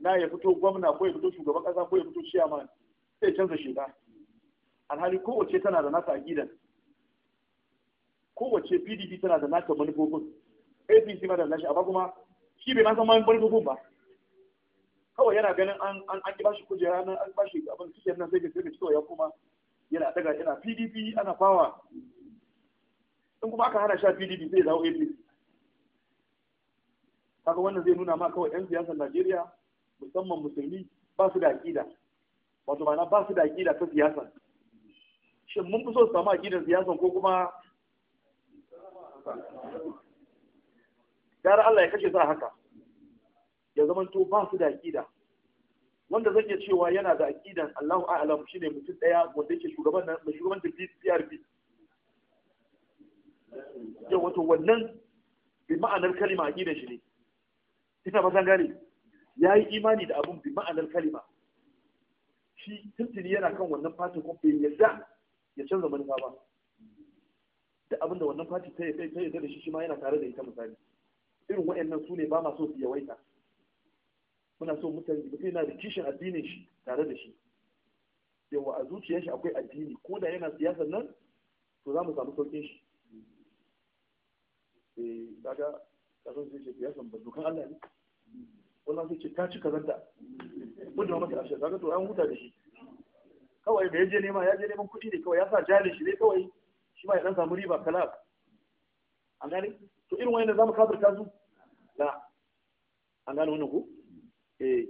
na ya fito gwamna ko ya fito shugaban kasa ko ya fito chairman sai canza shida alhali kowace tana da nasa aqidan kowace PDP tana da nata manufofin APC ma da nashi amma kuma shi bai san manufofin ba kawai yana ganin an an ki bashi kujera nan an bashi abin ticket nan sai ka sai ka ya kuma yana daga yana PDP ana fawa in kuma aka hana sha PDP zai zawo APC kaga wannan zai nuna ma kawai yan siyasar Najeriya musamman musulmi ba su da aƙida wato ma'ana ba su da aƙida ta siyasa shin mun fi so su samu aƙidar siyasa ko kuma gara Allah ya kashe sa haka ya zama to ba su da aƙida wanda zan iya cewa yana da aƙidan Allahu a'lam shine mutum ɗaya wanda yake shugaban nan da shugaban da PRP ya wato wannan bi ma'anar kalma aƙidan shi ne ina ba gane ya yi imani da abun bi ma'anar kalima shi tuntuni yana kan wannan fatin ko bai yarda ya canza manufa ba da abin da wannan fati ta yarda da shi shi ma yana tare da ita misali irin waɗannan su ne ba ma so su yawaita muna so mutane mutum yana da kishin addinin shi tare da shi yawa a zuciyar shi akwai addini ko da yana siyasar nan to za mu samu saukin shi eh kasan sai ce ya san ba Allah ne wannan sai ce ta ci kazanta gudun mata ashe kaga to an huta da shi kawai da ya je nema ya je neman kuɗi ne kawai ya sa jalin shi ne kawai shi ma ya dan samu riba kala an gane to irin wani wayannan zamu kafirta su la an gane wannan ko eh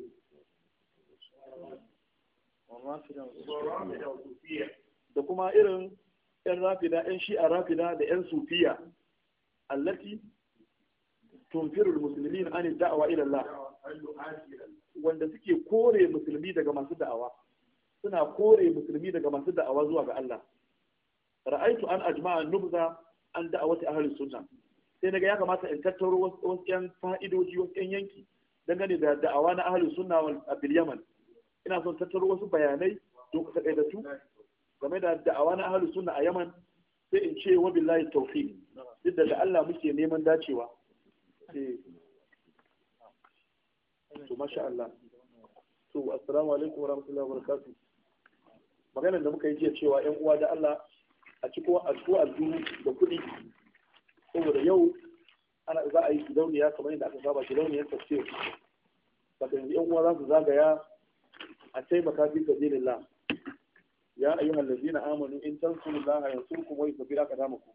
da kuma irin 'yan rafida 'yan shi'a rafida da 'yan sufiya allati tunfirul musulmin an da'awa ila Allah wanda suke kore musulmi daga masu da'awa suna kore musulmi daga masu da'awa zuwa ga Allah ra'aitu an ajma'a nubza an da'awati ahli sunna sai naga ya kamata in tattaro wasu yan fa'idoji wasu yan yanki dangane da da'awa na ahli sunna wal bil yaman ina son tattaro wasu bayanai don ka takaitatu game da da'awa na ahli sunna a yaman sai in ce wa billahi tawfiq duk da Allah muke neman dacewa Eh. to masha Allah to assalamu alaikum wa rahmatullahi wa da muka yi jiya cewa yan uwa da Allah a cikin a cikin aljihu da kuɗi saboda yau ana za a yi gidauniya kamar yadda aka saba gidauniyar tafsir baka yanzu yan uwa za su zagaya a taimaka fi sabilillah ya ayyuhal ladina amanu in tansurullaha yansurkum wa yuthabbit aqdamakum